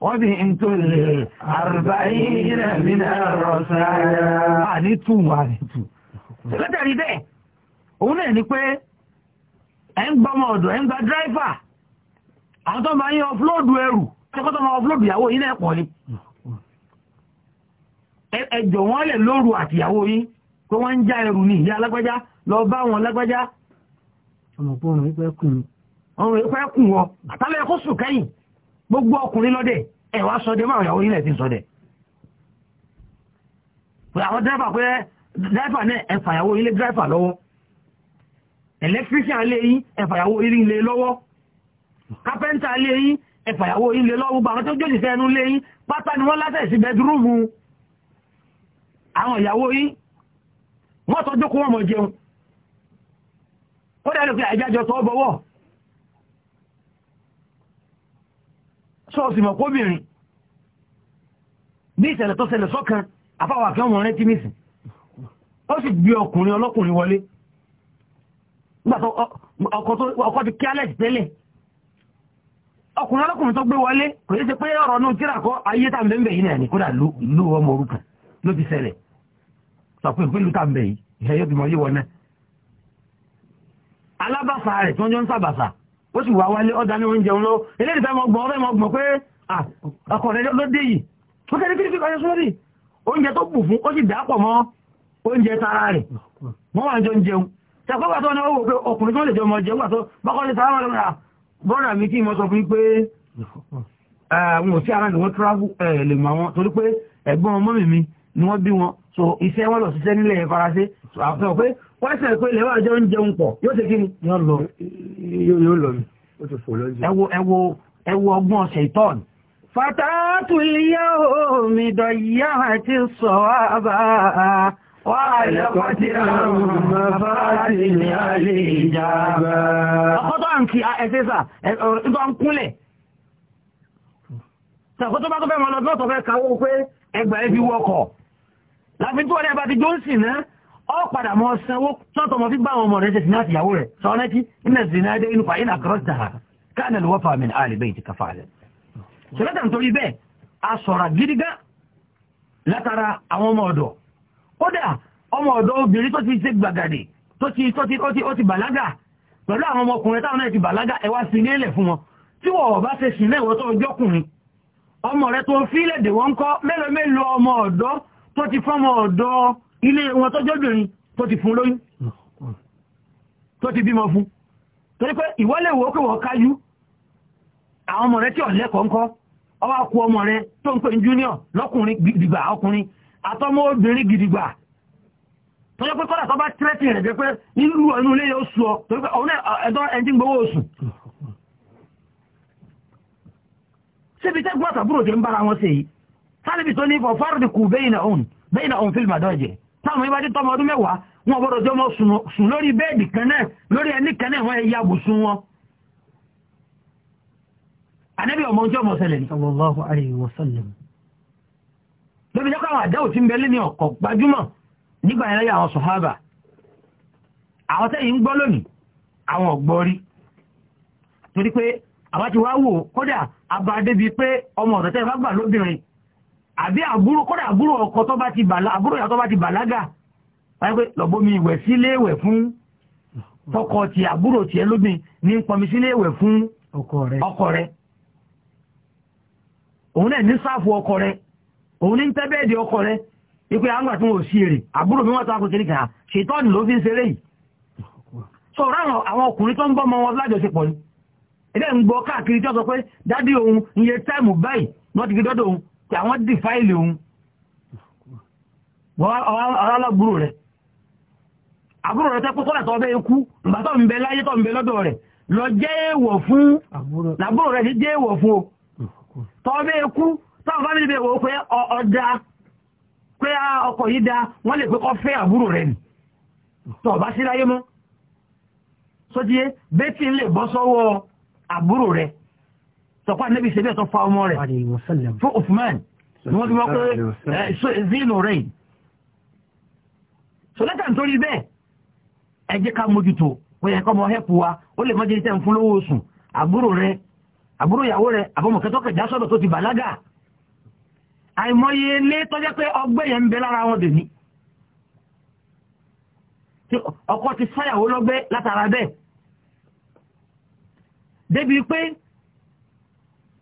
وبنت الأربعين من الرسايا ànítù ànítù tó máa ń yọ ọflóòdù ẹrù ìyàwó ẹjọ̀ lè lóru àtìyàwó yìí pé wọ́n ń já ẹrù ní ìyá lọ bá wọn lágbájá ọmọkùnrin pẹ́kùn wọn àtàlẹ́ ẹ̀kọ́ sùn kẹ́yìn gbogbo ẹ̀wà sọdẹ máa ìyàwó ilẹ̀ ti sọdẹ̀ àwọn dráìfà pé dráìfà náà ẹ̀fà ìyàwó ilé dráìfà lọ́wọ́ ẹ̀lẹ́tíríṣàn lé yín ẹ̀fà ìyàwó ilé lọ́wọ́ kápẹ́ntà lé yín ẹ̀fà ìyàwó ilé lọ́wọ́ gbogbo àwọn tó jòjì fẹ́ ẹnu lé yín pátá ni wọ́n látẹ̀ sí bẹ́dúrúmù àwọn ìyàwó yín wọ́n tọ́jú kó wọ́n mọ̀ jẹun ó dẹ́ sọ́ọ̀sì osimiri ní ìṣẹ̀lẹ̀ tó ṣẹlẹ̀ sọ́kan àfáwà kan wọ̀n rẹ́tí nìsìn ó sì gbé ọkùnrin ọlọ́kùnrin wọlé ọkọ̀ ti kí alex tẹ́lẹ̀ ọkùnrin ọlọ́kùnrin tó gbé wọlé kò yí ṣe pé ọ̀rọ̀ náà tíra ayé tá mbẹ́mbẹ́ yìí náà ọmọ ó sì wà wálé ọ́dá ní oúnjẹ lọ eléyìí fẹ́ mọ́ gbọ́n ọ̀rẹ́ mọ́ gbọ́n pé ọkọ̀ rẹ̀ ló dé yìí ó kẹ́lẹ́ kí ní fi kọ́ sọ́rí oúnjẹ tó bù fún ó sì dápọ̀ mọ́ oúnjẹ tara rẹ̀ wọ́n wà jọ ń jẹun tẹ́kọ́gbà tó ní ó wò pé ọkùnrin tó lè jọ mọ́ jẹun gbà tó bọ́kọ́ lè sára lọ́rọ̀ rà bọ́ọ̀rà mi kí mo sọ fún pé wọn ò sí ara ni wọ́n travel lè pé pẹ́sẹ̀ pé ilẹ̀ wà ń jẹun pọ̀ yóò ṣe kí ni. yóò lọ yóò lọ mi ó ti fò lọ́jọ́. ẹ wo ẹ wo ẹ wo fàtàtù ìyá omi dọ̀yà àti sọ̀wá bá wà á yẹ kọ́tí àwọn bàbá àti ní alẹ́ ìjà bá a. ọkọ tó à ń kí ọ padà mọ́ sanwó tọ́tọ̀ mọ́ fi gbá àwọn ọmọ rẹ̀ ṣètì náà tìyàwó rẹ̀ sọ́ọ́nẹ́tì nínú ìsìn náà dé inú fàyín àkọ́rọ́sì tàhà káàní lọ́wọ́ fàmì àlè bẹ́ẹ̀ ti kàfà rẹ̀. ṣẹlẹ́tà nítorí bẹ́ẹ̀ a sọ̀rọ̀ gírígá látara àwọn ọmọ ọ̀dọ́ kódà ọmọ ọ̀dọ́ obìnrin tó ti ṣe gbàgàdì tó ti tó ti ó ti bàlágà pẹ̀lú àwọn ọmọkùnrin táwọn náà ti bàlágà ẹ̀wá sí ní ilẹ̀ fún wọn tí wọ́n bá ṣe sìn náà ìwọ́n tó ọjọ́kùnrin ọmọ rẹ̀ tó fílẹ̀ dè wọ́n kọ́ mélòó mélòó ọmọ ọ̀dọ́ tó ti fọ́mọ ọ̀dọ́ ilé wọn tó jọ́bìnrin tó ti fún lóyún tó ti bímọ fún torí pé ìwọ́lẹ̀ wo pé wọ́n káyú àwọn ọmọ rẹ tí ọ̀lẹ́ kọ̀ọ̀kọ́ ọwọ́ akú ọmọ rẹ tó ń pè ní junior lọ́kùnrin gidigba ọkùnrin àtọmọ obìnrin gidigba tó yẹ pé kọ́dà tó bá tírẹ́tì rẹ̀ jẹ́ pé nílùú ọ̀nù ilé yóò sọ torí pé ọ̀nà ẹ̀dọ́ ẹni tí ń gbowó oṣù síbi tẹ́gbọ́n àtàbúrò tí ń bára wọn sí sálíbi tó ní fọ́ kù bẹ́yìn táwọn ibájẹ́ tọmọ ọdún mẹ́wàá wọn gbọ́dọ̀ jọ mọ́ sùn lórí bẹ́ẹ̀dì kẹ́nẹ̀ lórí ẹni kẹ́nẹ̀ wọ́n ẹ̀yà bùsùn wọn anẹ́bí ọmọ ọjọ́ mọ̀ sẹlẹ̀ ní sallallahu alayhi wa sallam lóbi jẹ́ káwọn àdáwò tí ń bẹ lẹ́ni ọ̀kọ̀ gbajúmọ̀ nígbà yẹn láyé àwọn sọ̀hábà àwọn tẹ́yìn ń gbọ́ àbí àbúrò kọ́dà àbúrò ọkọ tó bá ti bàlágà àbúrò ìyá tó bá ti bàlágà wáyé pé ìwẹ̀ sílé ìwẹ̀ fún tọkọ ti àbúrò tiẹ̀ lóbìn ní pọnmi sílé ìwẹ̀ fún ọkọ rẹ̀ òun náà ní ọkọ òun ní ọkọ mi wọ́n ló fi ń ṣeré so àwọn ọkùnrin tó ń bọ́mọ wọn lájọṣepọ̀ ni ń gbọ́ káàkiri tí sọ pé dádì òun iye táìmù báyìí wọ́n ti fi tí àwọn dì fáìlì òun ọ̀rọ̀lọ́gbúrò rẹ̀ àbúrò rẹ̀ tẹ́kọ́ sọ́rọ̀ tọ́ ikú ìgbà ń bẹ láyé tọ́ lọ́dọ̀ rẹ̀ lọ jẹ́ èèwọ̀ fún làbúrò rẹ̀ jẹ́ èèwọ̀ fún o ikú tọ́ sọ̀pá níbi ìṣẹ́bí ẹ̀tọ́ fa ọmọ rẹ fún Uthman ni wọ́n fi wọ́n pé so eh, lẹ́tà nítorí bẹ́ẹ̀ ẹ jẹ́ ká mójútó ó yẹ kọ́mọ hẹ́pù wa ó lè mọ́jẹ́ iṣẹ́ ń fún lówó oṣù àbúrò rẹ̀ àbúrò ìyàwó rẹ̀ àbọ̀mọ̀kẹ́tọ́kẹ̀ ti bàlágà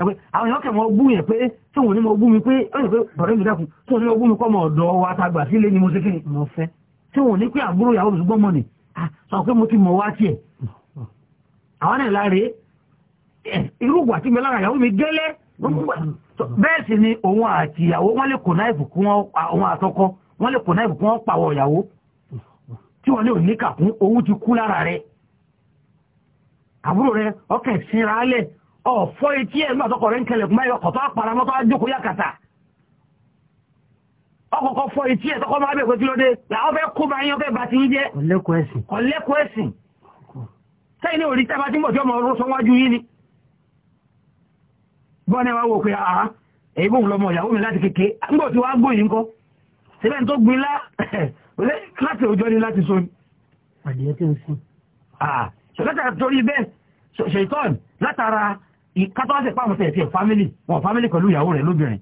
ẹgbẹ́ àwọn èèyàn kẹmọ ogún yẹn pé tí òun ní mo ogún mi pé ó yẹ pé bọ̀rẹ́ mi dákun tí òun ní ogún mi kọ́ mọ̀ ọ̀dọ́ wa ta gbà sílé ni mo ṣe kíni mo fẹ́ tí òun ní pé àbúrò ìyàwó mi ṣùgbọ́n mọ̀ ni sọ pé mo ti mọ̀ wá tiẹ̀ àwọn náà láre irú ìgbà tí mi lára ìyàwó mi gẹ́lẹ́ bẹ́ẹ̀ sì ni òun àti ìyàwó wọ́n lè kò náà rẹ̀ ọkẹ̀ síra lẹ̀ ọ̀fọ́ etí ẹ̀ máa tọkọ̀ rẹ̀ ń kẹlẹ̀ kúmọ́ ẹ̀yọ kọ̀tọ́ àpàràmọ́ tó ájókò yàkàtà ọkọ̀kọ́ fọ́ etí ẹ̀ tọkọ́ máa bẹ̀ pé kí ló dé làwọn fẹ́ kó máa yan fẹ́ bá ti ń jẹ́ kọ̀lẹ́kọ̀ ẹ̀sìn sẹ́yìn ní orí tẹ́ bá ti mọ̀ tí ọmọ ọrún sanwájú yín ni bọ́ni wa wò pé àá èyí bóun lọmọ ìyàwó mi láti kéke ńgbò tí wàá gbóyìn ńkọ́ síbẹ̀ tó gbin lá *laughs* láti òjọ́ ni láti so ni. àdìyẹ tí ń sìn. ṣèlú látara torí bẹ́ẹ̀ ṣètọ́n látara ìkátọ́láṣẹ̀ pàmò tẹ̀ tiẹ̀ fámìlì wọn fámìlì pẹ̀lú ìyàwó rẹ̀ lóbìnrin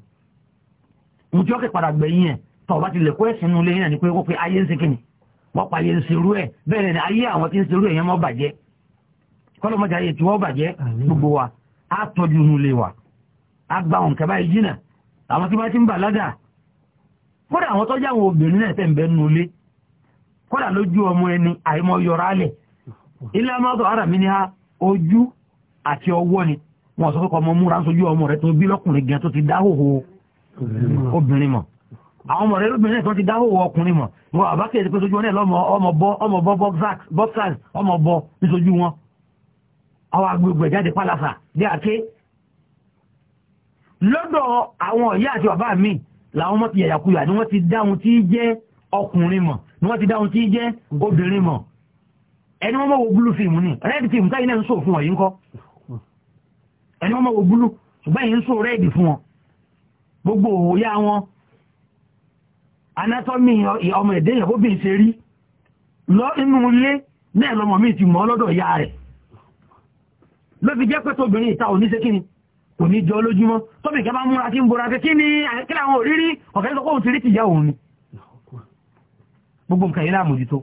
ǹjẹ́ ọ̀kẹ́ padà gbẹ̀yìn ẹ̀ tọ̀ bá ti lẹ̀kọ́ ẹ̀sìn nulẹ̀ yẹn ni pé wọ́n pe ayé ń ṣe kìnnì wọ́n pa ayé ń ṣe irú ẹ̀ bẹ́ẹ̀ ni ayé àwọn tí ń ṣe irú ẹ̀ yẹn mọ́ bàjẹ́ kọ́lọ́mọdé ayé tí wọ́n bàjẹ́ gbogbo wa á tọ́jú nulẹ̀ wa á gba òǹkà báyìí jìnà àwọn tí wọ́n ti ń bàlágà kódà àwọn tọ́jú àwọn obìnrin náà tẹ̀ ń bẹ́ nulẹ̀ kódà lójú ọmọ ẹni àìmọ́ yọrọ alẹ̀ ilé amátọ̀ ara mi ni ha ojú àti ọwọ́ ni wọn sọ fọkọ ọmọ múra ń sojú ọmọ rẹ tó bí lọkùnrin gan tó ti dá hòhò obìnrin mọ àwọn ọmọ rẹ lóbìnrin tó ti dá hòhò ọkùnrin mọ wọn àbá kéde pé sojú wọn lọmọ ọmọ bọ ọmọ bọ boxers ọmọ bọ nísojú wọn àwọn agbègbè jáde pálásà dé àké lọ́dọ̀ àwọn ìyá àti bàbá mi làwọn ọmọ ti yàyàkuyà ni wọ́n ti dáhùn tí jẹ́ ọkùnrin mọ̀ ni wọ́n ti dáhùn tí jẹ́ obìnrin mọ̀ ẹni wọ́n mọ̀ wo blue film ni red film táyì náà ń sòfin wọ̀nyí ńkọ́ ẹni wọ́n mọ̀ wò búlù ṣùgbọ́n èyí ń sọ rẹ́ẹ̀dì fún wọn gbogbo òwòyá wọn anatomy ọmọ èdè yẹn bó bí ṣe rí lọ inú ilé náà lọmọ mi ti mọ̀ lọ́dọ̀ ìyá rẹ̀ ló fi jẹ́ pẹ́tọ́ obìnrin ìta òní ṣe kíni kò ní jọ lójúmọ́ tóbi ìkẹ́ bá múra kí ń bora pé kí ni àwọn òrírí ọ̀kẹ́ sọ kóhùn ti rí tìyà òun ni gbogbo nǹkan ilé àmójútó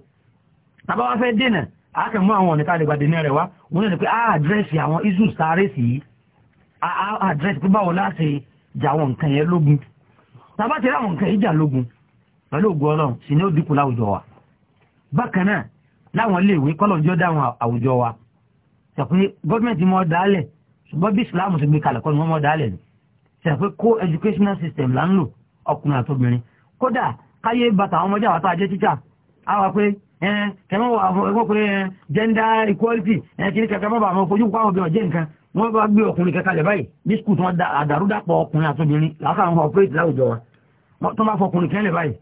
tàbá wá fẹ́ dènà àákẹ́mú àwọn ọ̀nìkà lè gbàdé ní rẹ̀ wá òun ní pé àádírẹ́sì ah, àwọn isu sáré sí yìí address pé báwo láti jà àwọn nǹkan yẹn lógun tàbá ti rí àwọn nǹkan yìí jà lógun pẹ̀lú ògùn ọlọ́run sì ni ó dínkù láwùjọ wa bákan náà láwọn iléèwé kọ́lọ́njọ́ dáhùn àwùjọ wa sọ̀pé gọ́ọ̀mẹ̀ntì mọ́ dálẹ̀ ṣùgbọ́n bí islam ti gbé kalẹ̀ kọ́ ni wọ́n mọ́ dálẹ̀ ni educational system là ń lò ọkùnrin kódà káyé bàtà àwọn ọmọdé àwọn pé pé gender equality obìnrin nǹkan wọ́n bá gbé ọkùnrin kẹta lẹ̀ báyìí ní skul tí wọ́n àdàrúdàpọ̀ ọkùnrin àtòbìnrin làákà wọn ọ̀pẹ́rẹ́tì láwùjọ wa tó bá fọkùnrin kẹ́lẹ̀ báyìí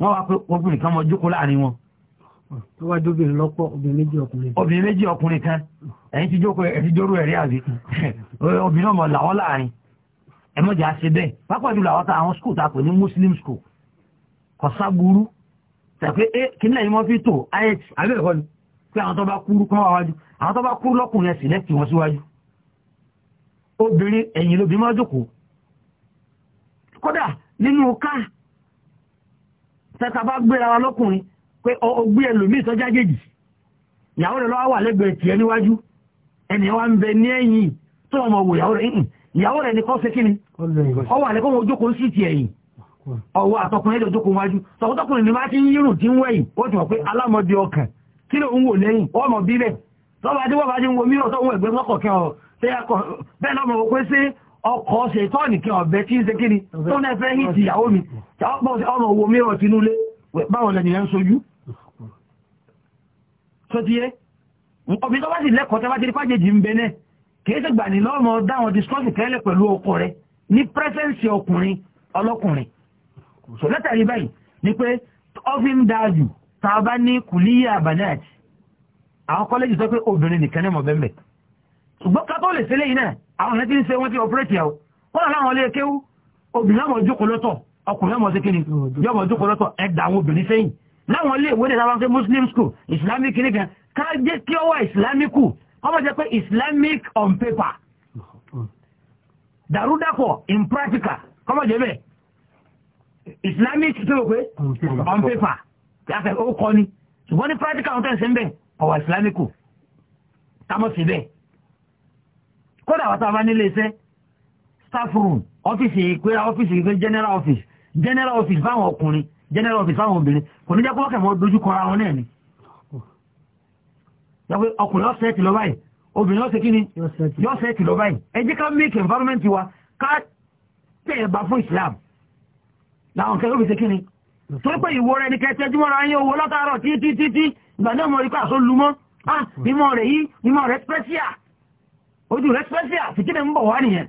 wọ́n wá pé obìnrin kan mọ jókòó láàrin wọn. tó wá jóbìnrin lọ́pọ̀ obìnrin méjì ọkùnrin. obìnrin méjì ọkùnrin kan ẹ̀yin ti jókòó ẹ̀ ti jóró ẹ̀rí àbí *laughs* obìnrin ọmọ làwọ́ láàrin ẹ mọ̀jà ṣe bẹ́ẹ̀ pápá jùlọ muslim skul kọ̀sá burú tàbí eh, kínílẹ̀ yìí wọ́n fi tò ayé àbẹ́ẹ̀kọ́ ni pé àwọn tó bá kúrú kọ́ wájú àwọn tó bá kúrú lọ́kùnrin obìnrin ẹ̀yìn lóbi máa jókòó kódà nínú ká tẹta bá gbé ara lọ́kùnrin pé ọgbé ẹlòmíì sọ́jà jèjì ìyàwó rẹ̀ lọ́wọ́ wà lẹ́gbẹ̀ẹ́ tiẹ̀ níwájú ẹni wa ń bẹ ní ẹ̀yìn tó ọmọ wò ìyàwó rẹ̀ ìyàwó rẹ̀ kọ́ sí kíni wọn sí yìí ọwọ́ àtọkùnrin wájú ni ti ń ti pé ọkàn kí ló ń wò lẹ́yìn ọmọ bíbẹ̀ tọ́ba tí wọ́n bá ti bẹ́ẹ̀ lọ́mọ wò pé sí ọkọ̀ ṣètọ́ọ̀nì kí ọ̀bẹ tí ń ṣe kí ni tó náà fẹ́ hìtì ìyàwó mi ọmọ owó mìíràn tinúlé báwọn lẹ́nu yẹn ń sojú sọ́tíyé ọbí tó bá sì lẹ́kọ̀ọ́ tẹ́ bá ti rí pàjẹ́jì ń bẹ náà kìí ṣe gbà ní lọ́mọ dáwọn discourse tẹ́lẹ̀ pẹ̀lú ọkọ rẹ ní ni pé ọfíìn ṣùgbọ́n ká tó lè sílé iná àwọn ẹni tí ń ṣe wọ́n ti ọ̀pẹ́rẹ́tì ẹ̀ wọ́n láwọn ilé kéwú obìnrin ọmọ ojú kọlọ́tọ̀ ọkùnrin ọmọ síkiri yọmọ ojú kọlọ́tọ̀ ẹgbà muslim school islamic kìíní kan ká jẹ́ kí ọwọ́ islamicu ọmọ jẹ́ islamic on paper dàrúdàpọ̀ in practical kọ́mọ jẹ́ bẹ́ẹ̀ islamic tó rò pé on paper ó kọ́ ni ṣùgbọ́n ní practical wọn tẹ̀ sí bẹ́ẹ̀ ọ̀wọ̀ islamicu támọ̀ sí bẹ́ẹ̀ kódà wọ́n sábà nílé iṣẹ́ staff room ọ́fíìsì ìpera ọ́fíìsì ìpè general office general office fáwọn ọkùnrin general office fáwọn obìnrin kò ní jẹ́ kó kẹ̀mọ́ dojú kọ ara wọn náà ni. yàgbé ọkùnrin ọ̀sẹ̀ ti lọ báyìí obìnrin ọ̀sẹ̀ kíni yọ̀sẹ̀ ti lọ báyìí ẹ jẹ́ ká make environment wa ká tẹ̀ ẹ̀ bá fún Islam làwọn kẹ́ lóbi ṣe kíni torí pé ìwo rẹ ni kẹtẹ tí wọ́n ra yín owó látàárọ̀ títí títí ìgbà náà mo rí pé àṣọ lumọ́ ah ìmọ̀ rẹ̀ yìí ìmọ̀ rẹ̀ special ojú rẹ̀ special fìtínà ń bọ̀ wá nìyẹn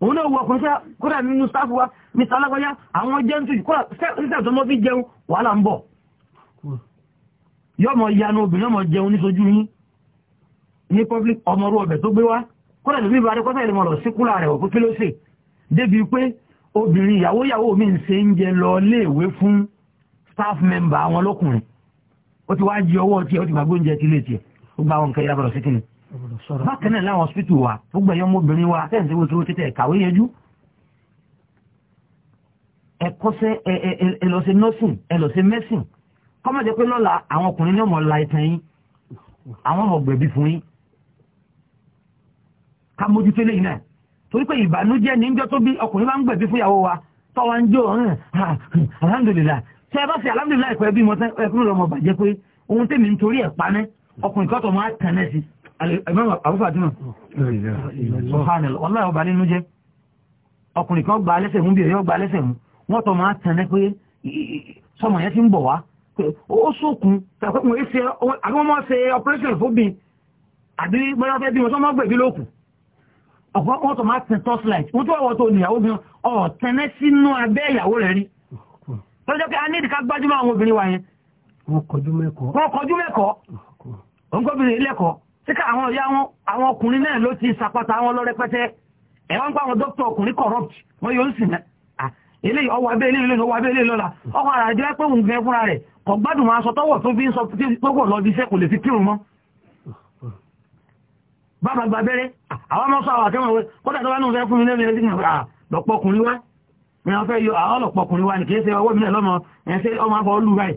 òun náà wọ ọkùnrin sá kódà nínú sáfù wa mr alágbáyá àwọn jẹun tó kódà sẹ́ẹ̀tì ọmọ fi jẹun wàhálà ń bọ̀ yọmọ yanu obìnrin ọmọ jẹun ní sojú yín ní public ọmọ orú ọbẹ̀ tó gbé wá kódà lóbi ìbára kọ́sà ìlú mọ̀lọ̀ síkúlà rẹ̀ òkú kílósè débi pé obìnrin ìyàwó ìyàwó mi ń ṣe ń jẹ lọ léèwé fún staff member àwọn lọ́kùnrin ó ti wá jí ọwọ́ tiẹ̀ ó ti gbàgbóúnjẹ ti lé tiẹ̀ ó gba àwọn nǹkan ìyàbọ̀rọ̀ sí kìnnì bákan náà láwọn hospital wa gbogbo ẹ̀yọ́ ọmọbìnrin wa tẹ́yìn tí wọ́n tó tẹ́tẹ́ kàwé yẹjú ẹ̀kọ́sẹ́ ẹ̀lọ́sẹ̀ nursing ẹ̀lọ́sẹ̀ medicine kọ́mọ̀jẹ́ pé lọ́la àwọn ọkùnrin náà mọ̀ la ìtàn yín àwọn ọmọ gbẹ̀bí fún yín ká mójútó lẹ́yìn náà torí pé ìbànújẹ́ níjọ́ tó bí ọkùnrin bá ń gbẹ̀bí fún ìyàwó wa tọ́wọ́ ń jó alhamdulillah tẹ́ ẹ bá fi alhamdulillah ẹ̀kọ́ ẹbí mọ́tẹ́ ẹ̀kúrò lọ́mọ bàjẹ́ pé ohun tèmi ń torí ẹ̀ paná ọkùnrin kọ́tọ̀ máa tẹ̀lé sí i ọkùnrin kan gba alẹ́sẹ̀ mú bí ẹ̀yọ́ gba alẹ́sẹ̀ mú wọ́n tọ́ máa tẹ̀lé pé sọmọ yẹn ti ń bọ̀ wá pé ó sókun tẹ̀kùn ìṣe àbí wọ́n máa ṣe operation fóbi àbí bọ́lá fẹ́ bí wọ́n sọmọ gbèbí lókù ọ̀pọ̀ wọ́n tọ́ máa tẹ̀ torchlight wọ́n tó ọ̀wọ́ tó níyàwó bí ọ̀ tẹ̀lé sínú abẹ́ ìyàwó rẹ̀ rí tọ́jọ́ pé a ní ìdíkà gbájúmọ́ àwọn obìnrin wa yẹn wọ́n kọjú mẹ́kọ̀ọ́ síkà àwọn ìyá wọn àwọn ọkùnrin náà ló ti sàpàtà àwọn lọ rẹpẹtẹ ẹ̀wọ́n ń pa àwọn dókítà ọkùnrin corrupt wọ́n yóò sì náà eléyìí ọwọ́ abẹ́ eléyìí lónìí ọwọ́ abẹ́ eléyìí lọ́la ọkọ̀ ara ẹ̀dẹ́ pé òun gẹ́ fúnra rẹ̀ kò gbádùn máa sọ tọ́wọ̀ tó fi ń sọ pé kò lọ bíṣẹ́ kò lè fi kírun mọ́ bàbá gba abẹ́rẹ́ àwọn ọmọ sọ àwọn àtẹ́wọ̀n wẹ́ kọ́dà tó bá nù fẹ́ fún mi lẹ́nu ẹ̀dín lọ́pọ̀ ọkùnrin wá ni wọ́n fẹ́ yọ àwọn ọlọ́pọ̀ ọkùnrin wá ni kì í ṣe ọwọ́ mi lọ́mọ ẹ̀ ṣe ọmọ abọ́ lù báyìí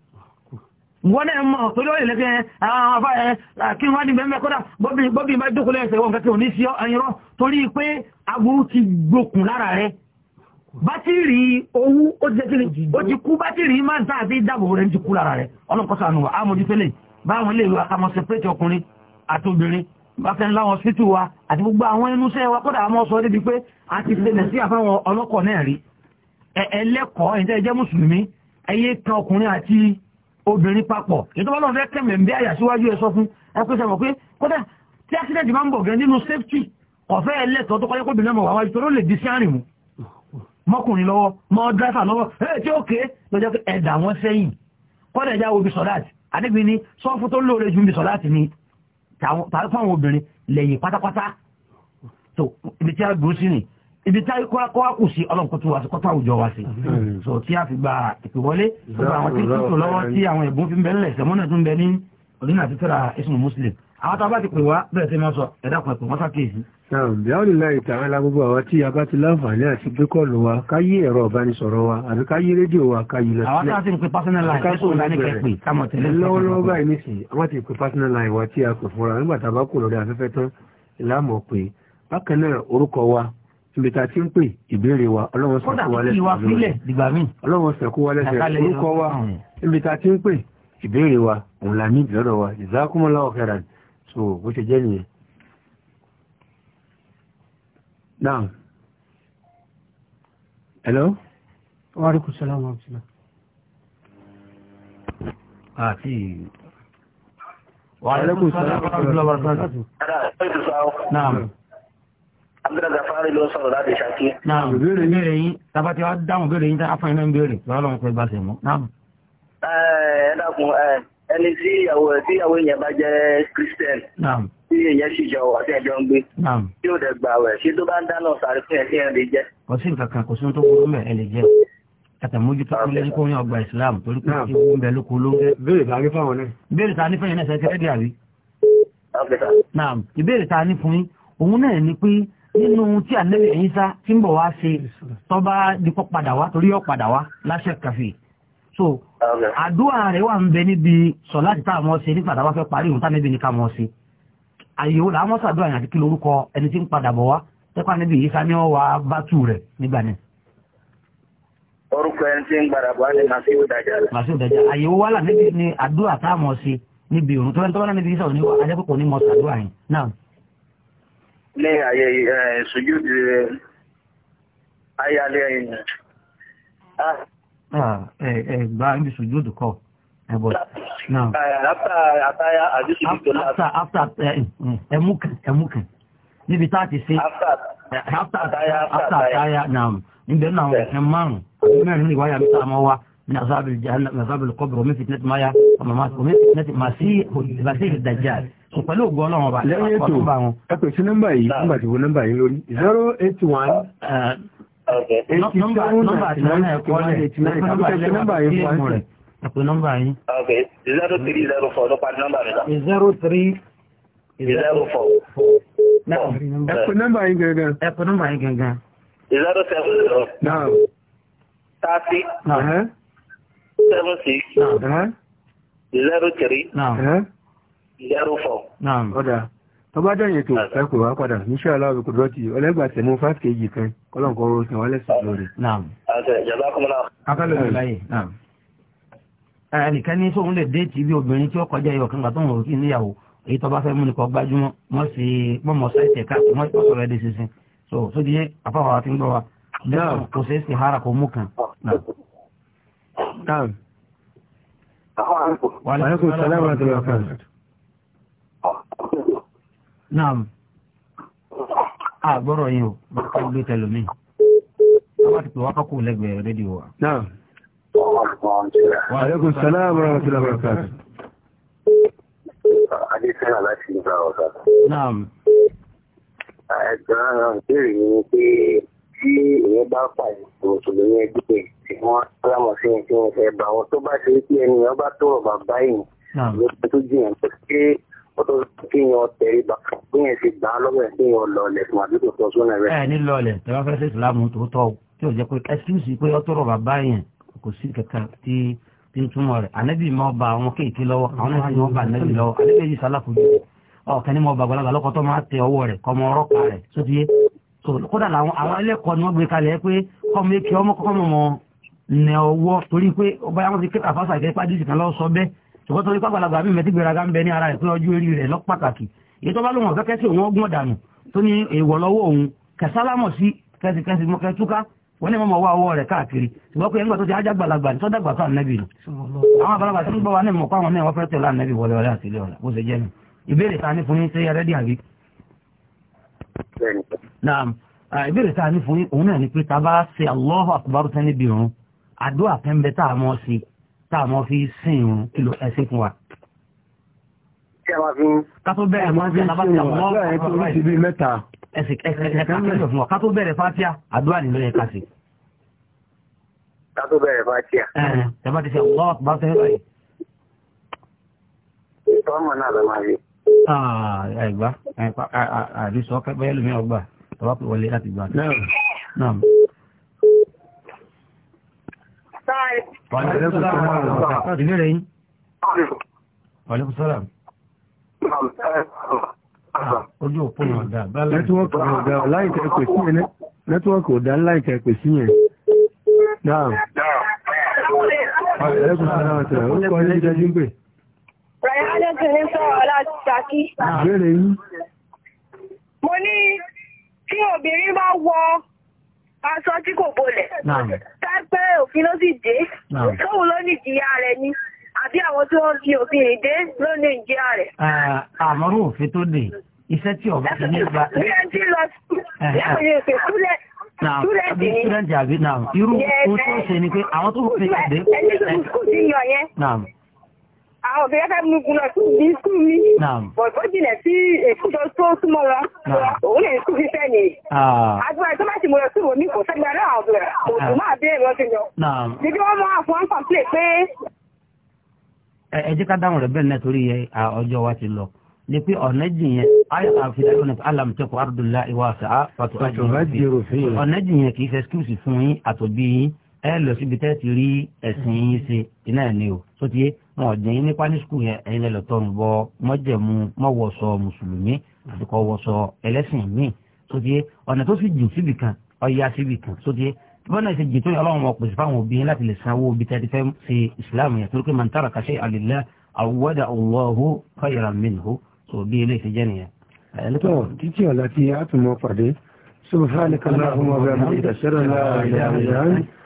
wọ́n náà mọ̀ pẹ̀lú ọ̀yẹ̀ lẹ́gbẹ̀ẹ́ àwọn afá ẹ̀ ah, kí wọ́n ní bẹ̀mẹ̀ kọ́dà bọ́bí bá dókòlẹ̀ ẹ̀sẹ̀ wọn kẹ́kẹ́ òní sí ẹ̀yìnrọ́ torí pé agbúrú ti gbókùn lára rẹ̀ bátìrì owó ó ti jẹ́kiri ó ti kú bátìrì máa ń tàbí dáàbò rẹ̀ ti kú lára rẹ̀ ọlọ́kọ́sànù àmójútélè wa àti gbogbo àwọn inúṣẹ́ wa kọ́dà àmọ́ sọ débi pé a ti ṣẹlẹ̀ sí àfáwọn ọlọ́kọ̀ náà rí kan ọkùnrin àti obìnrin papọ̀ ìjọba náà fẹ́ kẹ́mẹ̀ ń bí àyà síwájú ẹ sọ fún ẹ pé sẹ́wọ̀n pé kódà tí accident máa ń bọ̀ gẹ́ nínú safety ọ̀fẹ́ ẹlẹ́tọ̀ tó kọjá kóbìnrin mọ̀ wáwájú torí ó lè di sí àrìn mu mọ́kùnrin lọ́wọ́ mọ́ dráfà lọ́wọ́ ẹ tí ó ké lọ́jọ́ pé ẹ̀dà wọn sẹ́yìn kódà ẹja obi sọ̀dáàtì àdébí ni sọ́fún tó lóore ju ibi sọ̀dáàtì ni tàbí fáwọn obìnrin lẹ́yìn pátápátá tó ibi tí a gbó sí nìyí ibi táyé kọ́wá kù sí ọlọ́nkọ́tù wá sí kọ́tà àwùjọ wá sí hmm. so tí a fi gba ìpèwọlé gbogbo àwọn tí tó lọ́wọ́ tí àwọn ẹ̀bùn fi ń bẹ ńlẹ̀ sẹ́mọ́nà tó bẹ ní ọdún àti tẹ́ra ismu muslim àwọn tó bá ti pè wá bẹ́ẹ̀ sí mọ́ sọ ẹ̀dá kan ẹ̀pẹ̀ wọ́n sàkéèsí. bí a ó lè láì tàwọn alágbogbo àwọn tí a bá ti láǹfààní àti gbé kọ́ọ̀lù wa ká yí ẹ̀rọ ìbánisọ̀rọ̀ wa àbí ká yí rédíò wa ká yí lọ sílẹ̀. àwọn tá a ti ń pe personal line ẹ̀sùn ìlànà kẹ́pẹ́ kámọ̀ tẹ̀lé. lọ́wọ́lọ́wọ́ báyìí nísìnyí àwọn ti pe personal line wa tí a pè fúnra nígbà tá a bá kò lórí afẹ́fẹ́ tán ìlàmọ̀ pé bákan náà orúkọ wa ibi tá a ti ń pè ìbéèrè wa ọlọ́run sẹ̀kú wa lẹ́sẹ̀ ọlọ́run sẹ̀kú wa lẹ́sẹ̀ orúkọ wa ibi tá a ti ń pè ìbéèrè wa òun la ní ìlọ́dọ̀ wa jazakumullahu khairan so bó ṣe jẹ́ nìyẹn. naam hello. wa alaikum salaam wa rahmatullah. àti wa alaikum salaam wa rahmatullah. naam. Abdulgafari ló sọ̀rọ̀ láti ṣàkí. Náà, ìbéèrè léèrè yín, tàbá ti wá dáhùn béèrè yín tàbá fún iná ń béèrè, lọ́lọ́run pé bá ṣe mú. Ẹ dákun, eh, ẹni tí ìyàwó tí ìyàwó yẹn bá jẹ́ Christian, tí èyàn sì jọ àti ẹjọ́ ń gbé, tí ó dẹ̀ gbà wẹ̀, ṣé tó bá ń dáná sàrí fún ẹ̀ sí ẹ̀ lè jẹ́? Kò sí nǹkan kan, kò sí ohun tó burú mẹ́ ẹ lè jẹ́. Àtẹ̀mójútó kún lẹ́yìn kó ní ọgbà Ìsìlámù torí pé kí wọ́n bẹ lóko ló. Béèrè ta ní fáwọn náà. Béèrè ta ní fẹ́yìn náà ṣe kẹ́kẹ́ dí àrí. ìbéèrè ta ní fún yín, òun náà ni pé nínú tí ànábì Ìsá tí ń bọ̀ wá ṣe tó bá dípọ̀ padà wá torí ọ̀ wá láṣẹ kàfí so àdúrà rẹ̀ wà ń bẹ níbi sọ̀lá ti táwọn ṣe nígbà táwọn fẹ́ parí ìhùn tánẹ́bì ní ká mọ̀ ṣe àyèwò làwọn sàdúrà yàn àti kí lorúkọ ẹni tí ń padà bọ̀ wá tẹ́kọ̀ ànábì Ìsá ní ọ̀ wá bá tù rẹ̀ nígbà náà. orúkọ ẹni tí ń padà bọ̀ wá ní Màsíù Dájálà. Màsíù àyèwò wà lá níbi ni àdúrà táwọn ṣe níbi òrùn tó ń tọ́wọ́ náà níbi Ìsá òní wà ní mọ̀ sàdúrà yẹn náà ní àyè ìṣòjúdì ayálẹ́ ẹ̀yìn. Ah. Ah, Ẹgbà ibi ìṣòjúdì kọ. Ẹmúkàn ah, eh, eh, níbi tá ti ṣe after àtàyà eh, náà níbẹ̀ náà ẹ̀kẹ́ márùn-ún mẹ́rin ní ìwáyà mítà mọ́ wá من أصحاب الجهنم من أصحاب القبر ومن فتنة ما يا ومن فتنة مسيح المسيح الدجال pẹ̀lú ògbọ́n náà wọn bá lẹ́yìn ètò ẹ pè sí nọ́mbà yìí nọ́mbà tí wo nọ́mbà yìí lórí zero eight one eighty seven ninety nine eighty nine kábíkẹ́ sí nọ́mbà yìí fún wa. ẹ pè nọ́mbà yìí. ok zero three zero four ló parí nọ́mbà rẹ̀ náà. zero three zero four. ẹ pè nọ́mbà yìí gangan. ẹ pè nọ́mbà yìí gangan. zero seven zero. naa. thirty. naa. seven six. naa. zero three. naa ìyárúfọ̀. náà ọ̀dà tọba jẹ́yìn ètò ẹkù wá padà níṣẹ́ aláwọ̀ kò dọ́tí ọlẹ́gbà tẹ̀mú 5 kg kan kọ́lọ̀kọ́ oṣù wọlé sí lórí. ẹnìkan ní sóhun lè dé tí bí obìnrin tí ó kọjá yọ kanga tó ń rò kí níyàwó èyí tọba fẹ́ mú nìkan gbájúmọ́ wọ́n sì mọ́mọ́ sáìtẹ̀ káàkiri wọ́n sọ̀rọ̀ ẹ̀dẹ̀ sísin so sódì yé afáwọn àti ń gbọ́ wa bẹ́ẹ̀ kò ṣeé sì hara kò mú kan. wàlẹ́kùn sálẹ̀ wà náà àgbọ́rọ̀ yìí ò bá kọ́ ilé tẹlómi wọ́n bá ti pè wá kọ́kọ́ lẹ́gbẹ̀ẹ́ rédíò wa. náà wa aleykum salaam wa rahmatullahi wa barakatuh. adéṣẹ́nà láti ìgbà ọ̀sán. náà. ẹ̀gbọ́n náà béèrè mi ni pé tí èèyàn bá pàdé mùsùlùmí ẹgbẹ́ tí wọ́n lámọ̀ sí ẹni tí wọ́n fẹ́ bá wọn tó bá ṣe pé ẹni ọba tó ọba báyìí ló tó jìyàn pé ọ̀dọ̀ kéèyàn tẹríba kéèyàn ti gbà á lọ́wọ́ ẹ̀ kéèyàn lọlẹ̀ fún àbí kò tọ́ sọ́nà rẹ̀. ẹ ní lọlẹ̀ tẹ bá fẹ́ ṣe ìsìlámù tó tọ́ tí ò jẹ́ pé ẹsíùsì pé ọtọ́rọ̀ bàbá yẹn kò sí kankan tí tí ń túmọ̀ rẹ̀ ànábì mọ́ ba àwọn kéèké lọ́wọ́ àwọn náà ni wọ́n ba ànábì lọ́wọ́ ànábì yìí sálákòjú ọ̀kan ní mọ́ ba àgbàlagbà lọ́kọ̀tọ́ máa tẹ ọwọ́ rẹ̀ kọ́mọ ọ̀rọ̀kà rẹ̀ sótìyé kódà làwọn àwọn ẹlẹ́kọ̀ọ́ ni wọ́n gbé kalẹ̀ pé kọ́mọ èké ọmọ kọ́mọ mọ̀ nẹ ọwọ́ torí pé ọba yàwọn ti ké àfàṣà ìkẹ́pàdé ìsìnkàn lọ́wọ́ sọ bẹ́ẹ̀ ṣùgbọ́n torí pàgbàlagbà mi mẹ́tí gbéraga ń bẹ ní ara ẹ̀ pé ọjọ́ eré rẹ̀ lọ pàtàkì èyí tó bá lóun ọ̀kẹ́kẹ́ sí òun ọgbọ́n dànù tó ní èèwọ̀ lọ́wọ́ òun kẹsálámọ̀ sí kẹsìkẹsì mọ́kẹ́ túká wọ́n ní mọ́mọ́ wá ọwọ́ rẹ̀ káàkiri ṣùgbọ́n pé ẹgbẹ́ tó ti ajá gbàlagbà tó dàgbà tó ànẹ́bì nù àwọn àgbàlagbà tó ń gbọ́ wa ní mọ̀pá wọn náà wọ́n fẹ́ tẹ̀lé ànẹ́bì wọlé wọlé àti ilé ọ̀la bó ṣe jẹ́ nù ìbéèrè ta ní fún yín ṣé ẹrẹ́dì àbí. naam ìbéèrè ta ní fún yín òun náà ni pé ta bá ṣe Allahu akbar tẹ́ níbi òun àdúrà pẹ́ńbẹ́ tá a mọ̀ sí i táàmọ́ fi sìn ìrun kí ló ẹ̀sìn fún wa. kátó bẹ̀rẹ̀ mọ́ sí alábàtì àwọn ẹ̀ka kílò fún wa kátó bẹ̀rẹ̀ fátíà àdúrà nínú ẹ̀ka sí. kátó bẹ̀rẹ̀ fátíà. ẹ̀ẹ́n ẹ̀bá ti ṣe ọ̀gbọ́n bá fẹ́ báyìí. ìtọ́mọ̀ náà lọ máa rí. àìgbá àìsọ ọkẹ́ bẹ́ẹ̀ lómi ọgbà tọ́wọ́ pé wọlé láti gbà. náà Ìbéèrè yín. Nẹ́tíwọ́kì ọ̀dá láìkẹ́ pè sí yẹn. Nẹ́tíwọ́kì ọ̀dá láìkẹ́ pè sí yẹn. Náà. Wàlékún sọ́lá ọ̀tẹ̀. Ó kọ́ ilé ìjẹ́ jíǹgbè. Ìbéèrè yín. Mo ní tí obìnrin bá wọ aṣọ tí kò bolẹ̀ pẹ́pẹ́ òfin ló sì dé sóhun ló ní ìjìyà rẹ̀ ni àbí àwọn tí wọ́n fi òfin rìn dé ló ní ìjìyà rẹ̀. àmọ́rò òfin tó dé iṣẹ́ tí ọba ti ní gba. túlẹ̀ǹtì lọ túlẹ̀ túlẹ̀ǹtì ni. túlẹ̀ǹtì àbí irú ohun tó ṣe ni pé àwọn tó fi ìdè. ẹni tó kù sí yàn yẹn àwọn obìnrin fẹ́ mú gun lọ sí ibi skul mi bọ̀dọ̀ jìnà sí èkó tó tó súnmọ́ lọ òun lè skul fi ni agbára ah. tó bá ti mú lọ sí òní kò fẹ́ gbára àwọn obìnrin kò tó ah. máa bẹ́ẹ̀ lọ sí lọ níbi wọ́n máa fún wọn kọ̀ǹpilẹ̀ pé. ẹ jẹ́ ká dáhùn rẹ̀ ni pé ọ̀nà jìyàn àfihàn ní alamtẹ́kọ̀ abdullá iwasa fàtúwájú ọ̀nà jìyàn kì í fẹ́ fún yín àtòbí ẹ lọ síbi tẹ́ ti rí ẹ̀sìn yín ṣe iná ẹ̀ ní o tó wọn ò jẹyìn nípa ní skul yẹn ẹyin lẹlẹ tọrùn bọ mọjẹmu mọwọsọ mùsùlùmí àti kọ wọsọ ẹlẹ́sìn míì sódìé ọ̀nà tó sì jìn síbì kan ọ̀yà síbì kan sódìé bọ́nà ìṣe jìn tó yẹ ọlọ́run wọn pèsè fáwọn obìnrin láti lè sanwó bí tẹ́tí fẹ́ ṣe ìsìláàmù yẹn torí pé man taraka shay'an lillah awwada Allahu khayran minhu tó bí ilé ìṣe jẹ́ nìyẹn. tó títí